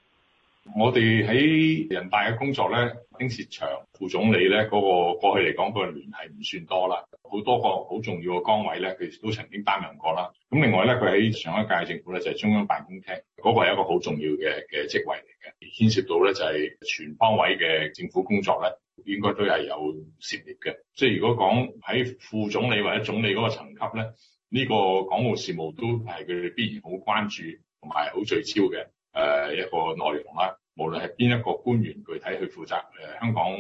我哋喺人大嘅工作咧，丁薛祥副總理咧，嗰、那個過去嚟講，佢、那個聯繫唔算多啦。好多個好重要嘅崗位咧，佢都曾經擔任過啦。咁另外咧，佢喺上一屆政府咧就係、是、中央辦公廳嗰、那個係一個好重要嘅嘅職位嚟嘅，牽涉到咧就係、是、全方位嘅政府工作咧，應該都係有涉獵嘅。即係如果講喺副總理或者總理嗰個層級咧，呢、這個港澳事務都係佢哋必然好關注同埋好聚焦嘅。誒一個內容啦，無論係邊一個官員具體去負責誒、呃、香港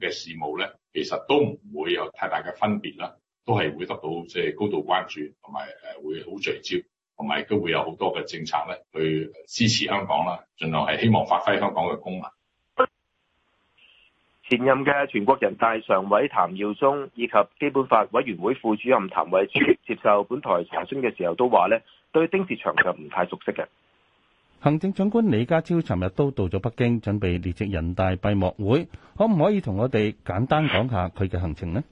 嘅事務咧，其實都唔會有太大嘅分別啦，都係會得到即係高度關注，同埋誒會好聚焦，同埋都會有好多嘅政策咧去支持香港啦，儘量係希望發揮香港嘅功能。前任嘅全國人大常委譚耀宗以及基本法委員會副主任譚惠珠接受本台查詢嘅時候都話咧，對丁薛祥就唔太熟悉嘅。行政長官李家超尋日都到咗北京，準備列席人大閉幕會，可唔可以同我哋簡單講下佢嘅行程呢？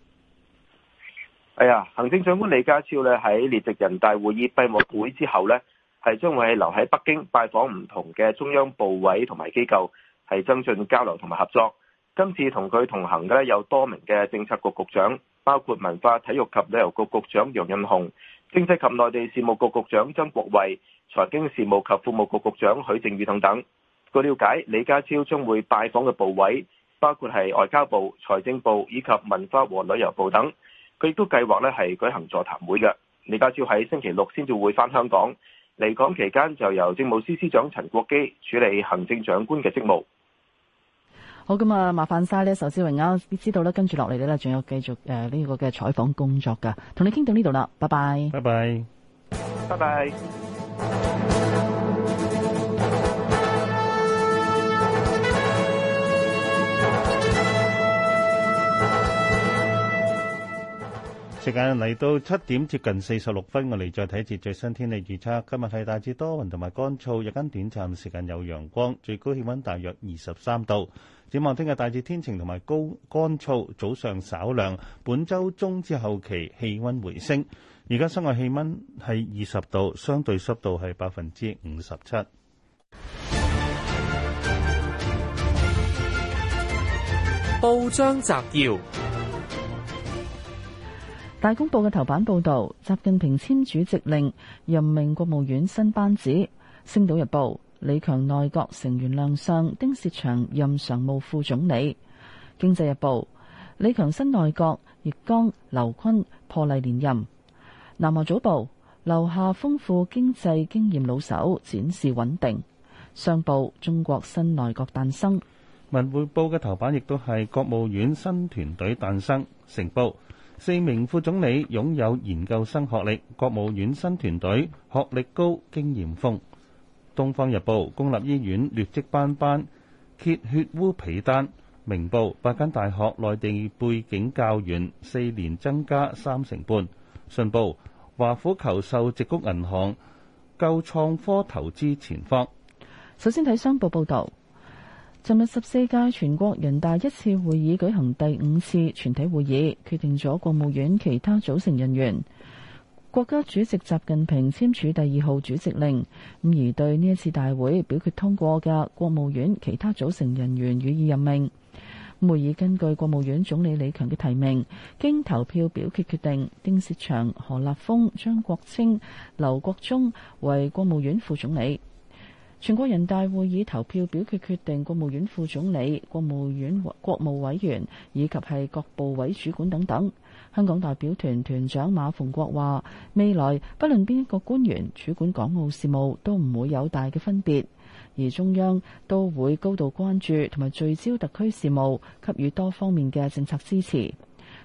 哎呀，行政長官李家超咧，喺列席人大會議閉幕會之後咧，係將會留喺北京拜訪唔同嘅中央部委同埋機構，係增進交流同埋合作。今次同佢同行咧，有多名嘅政策局局長，包括文化體育及旅遊局局長楊潤雄、經濟及內地事務局局長曾國衛。財經事務及庫務局局長許正宇等等，據了解，李家超將會拜訪嘅部委包括係外交部、財政部以及文化和旅遊部等。佢亦都計劃咧係舉行座談會嘅。李家超喺星期六先至會返香港，離港期間就由政務司司長陳國基處理行政長官嘅職務。好咁啊，麻煩晒呢，首先榮啱知道咧、呃這個，跟住落嚟呢，仲有繼續誒呢個嘅採訪工作噶。同你傾到呢度啦，拜拜，拜拜，拜拜。時間嚟到七點接近四十六分，我哋再睇一節最新天氣預測。今日係大致多雲同埋乾燥，日間短暫時間有陽光，最高氣溫大約二十三度。展望聽日大致天晴同埋高乾燥，早上稍涼。本周中至後期氣溫回升。而家室外氣溫係二十度，相對濕度係百分之五十七。報章摘要。大公報嘅頭版報道，習近平簽主席令，任命國務院新班子。星島日報，李強內閣成員亮相，丁薛祥任常務副總理。經濟日報，李強新內閣易綱、劉昆破例連任。南華早報，留下豐富經濟經驗老手，展示穩定。商報，中國新內閣誕生。文匯報嘅頭版亦都係國務院新團隊誕生。成報。四名副總理擁有研究生學歷，國務院新團隊學歷高、經驗豐。東方日報，公立醫院劣跡斑斑，揭血污被單。明報，八間大學內地背景教員四年增加三成半。信報，華府求售植谷銀行，舊創科投資前方。首先睇商報報道。尋日十四屆全國人大一次會議舉行第五次全體會議，決定咗國務院其他組成人員。國家主席習近平簽署第二號主席令，咁而對呢一次大會表決通過嘅國務院其他組成人員予以任命。咁會議根據國務院總理李強嘅提名，經投票表決決定丁薛祥、何立峰、張國清、劉國中為國務院副總理。全國人大會議投票表決決定國務院副總理、國務院國務委員以及係各部委主管等等。香港代表團團長馬逢國話：未來不論邊一個官員主管港澳事務，都唔會有大嘅分別，而中央都會高度關注同埋聚焦特區事務，給予多方面嘅政策支持。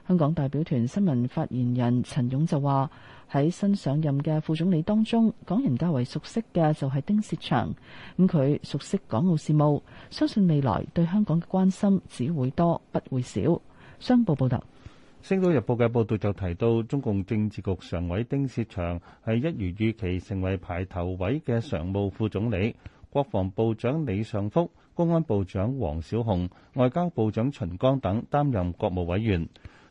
香港代表團新聞發言人陳勇就話：喺新上任嘅副總理當中，港人較為熟悉嘅就係丁薛祥，咁、嗯、佢熟悉港澳事務，相信未來對香港嘅關心只會多不會少。商報報道，《星島日報》嘅報道就提到，中共政治局常委丁薛祥係一如預期成為排頭位嘅常務副總理，國防部長李尚福、公安部長王小洪、外交部長秦剛等擔任國務委員。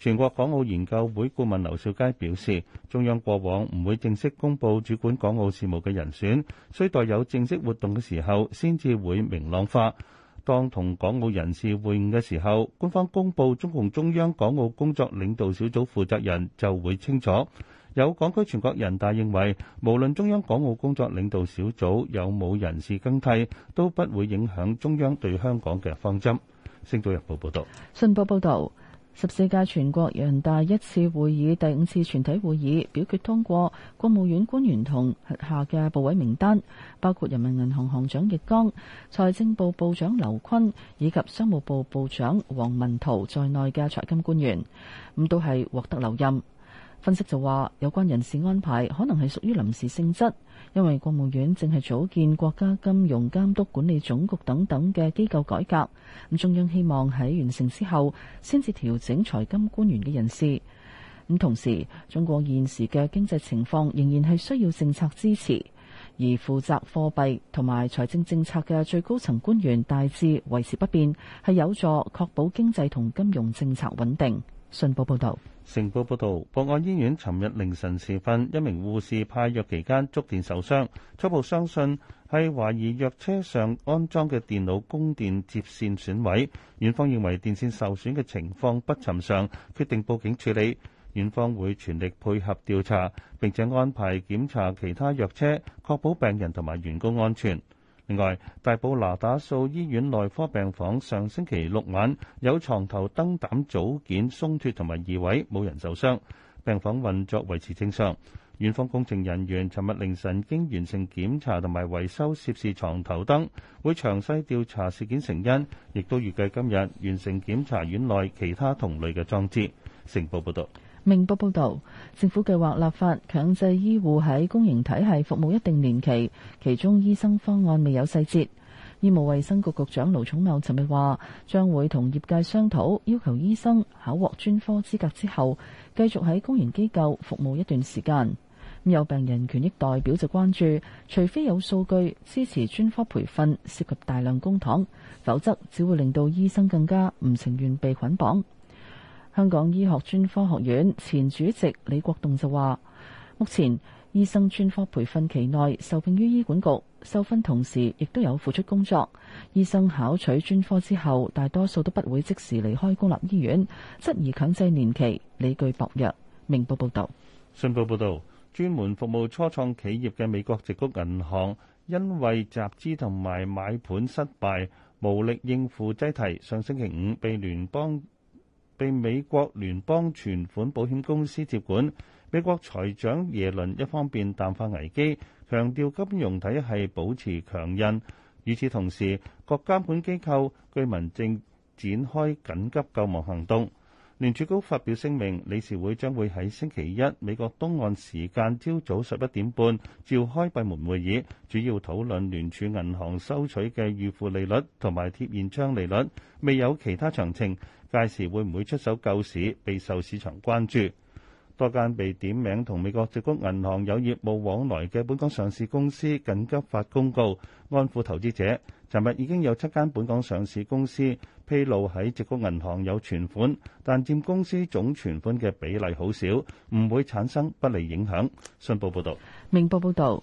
全國港澳研究會顧問劉兆佳表示，中央過往唔會正式公布主管港澳事務嘅人選，需待有正式活動嘅時候先至會明朗化。當同港澳人士會晤嘅時候，官方公布中共中央港澳工作領導小組負責人就會清楚。有港區全國人大認為，無論中央港澳工作領導小組有冇人事更替，都不會影響中央對香港嘅方針。星島日報報道。信報報導。十四屆全國人大一次會議第五次全體會議表決通過國務院官員同轄下嘅部委名單，包括人民銀行行長易綱、財政部部長劉昆以及商務部部長王文濤在內嘅財金官員，咁都係獲得留任。分析就話，有關人事安排可能係屬於臨時性質。因為國務院正係組建國家金融監督管理總局等等嘅機構改革，咁中央希望喺完成之後先至調整財金官員嘅人事。咁同時，中國現時嘅經濟情況仍然係需要政策支持，而負責貨幣同埋財政政策嘅最高層官員大致維持不變，係有助確保經濟同金融政策穩定。信報報道，成報報道，博愛醫院尋日凌晨時分，一名護士派藥期間觸電受傷，初步相信係懷疑藥車上安裝嘅電腦供電接線損毀。院方認為電線受損嘅情況不尋常，決定報警處理。院方會全力配合調查，並且安排檢查其他藥車，確保病人同埋員工安全。另外，大埔拿打素醫院內科病房上星期六晚有床頭燈膽組件鬆脱同埋移位，冇人受傷，病房運作維持正常。院方工程人員尋日凌晨經完成檢查同埋維修涉事床頭燈，會詳細調查事件成因，亦都預計今日完成檢查院內其他同類嘅裝置。成報報道。明報報道，政府計劃立法強制醫護喺公營體系服務一定年期，其中醫生方案未有細節。醫務衛生局局長盧寵茂尋日話，將會同業界商討，要求醫生考獲專科資格之後，繼續喺公營機構服務一段時間。有病人權益代表就關注，除非有數據支持專科培訓涉及大量公帑，否則只會令到醫生更加唔情願被捆綁。香港醫學專科學院前主席李國棟就話，目前醫生專科培訓期內受聘於醫管局，收分同時亦都有付出工作。醫生考取專科之後，大多數都不會即時離開公立醫院，質疑強制年期理據薄弱。明報報道，信報報道，專門服務初創企業嘅美國矽谷銀行，因為集資同埋買盤失敗，無力應付擠提，提，上星期五被聯邦。被美國聯邦存款保險公司接管。美國財長耶倫一方面淡化危機，強調金融體系保持強韌。與此同時，各監管機構據聞正展開緊急救亡行動。聯儲局發表聲明，理事會將會喺星期一美國東岸時間朝早十一點半召開閉門會議，主要討論聯儲銀行收取嘅預付利率同埋貼現窗利率，未有其他詳情。屆時會唔會出手救市，備受市場關注。多間被點名同美國矽谷銀行有業務往來嘅本港上市公司緊急發公告，安撫投資者。尋日已經有七間本港上市公司披露喺矽谷銀行有存款，但佔公司總存款嘅比例好少，唔會產生不利影響。信報報道。明報報導。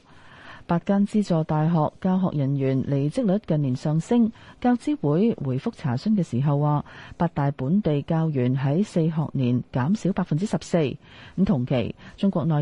八間資助大學教學人員離職率近年上升，教資會回覆查詢嘅時候話，八大本地教員喺四學年減少百分之十四，咁同期中國內。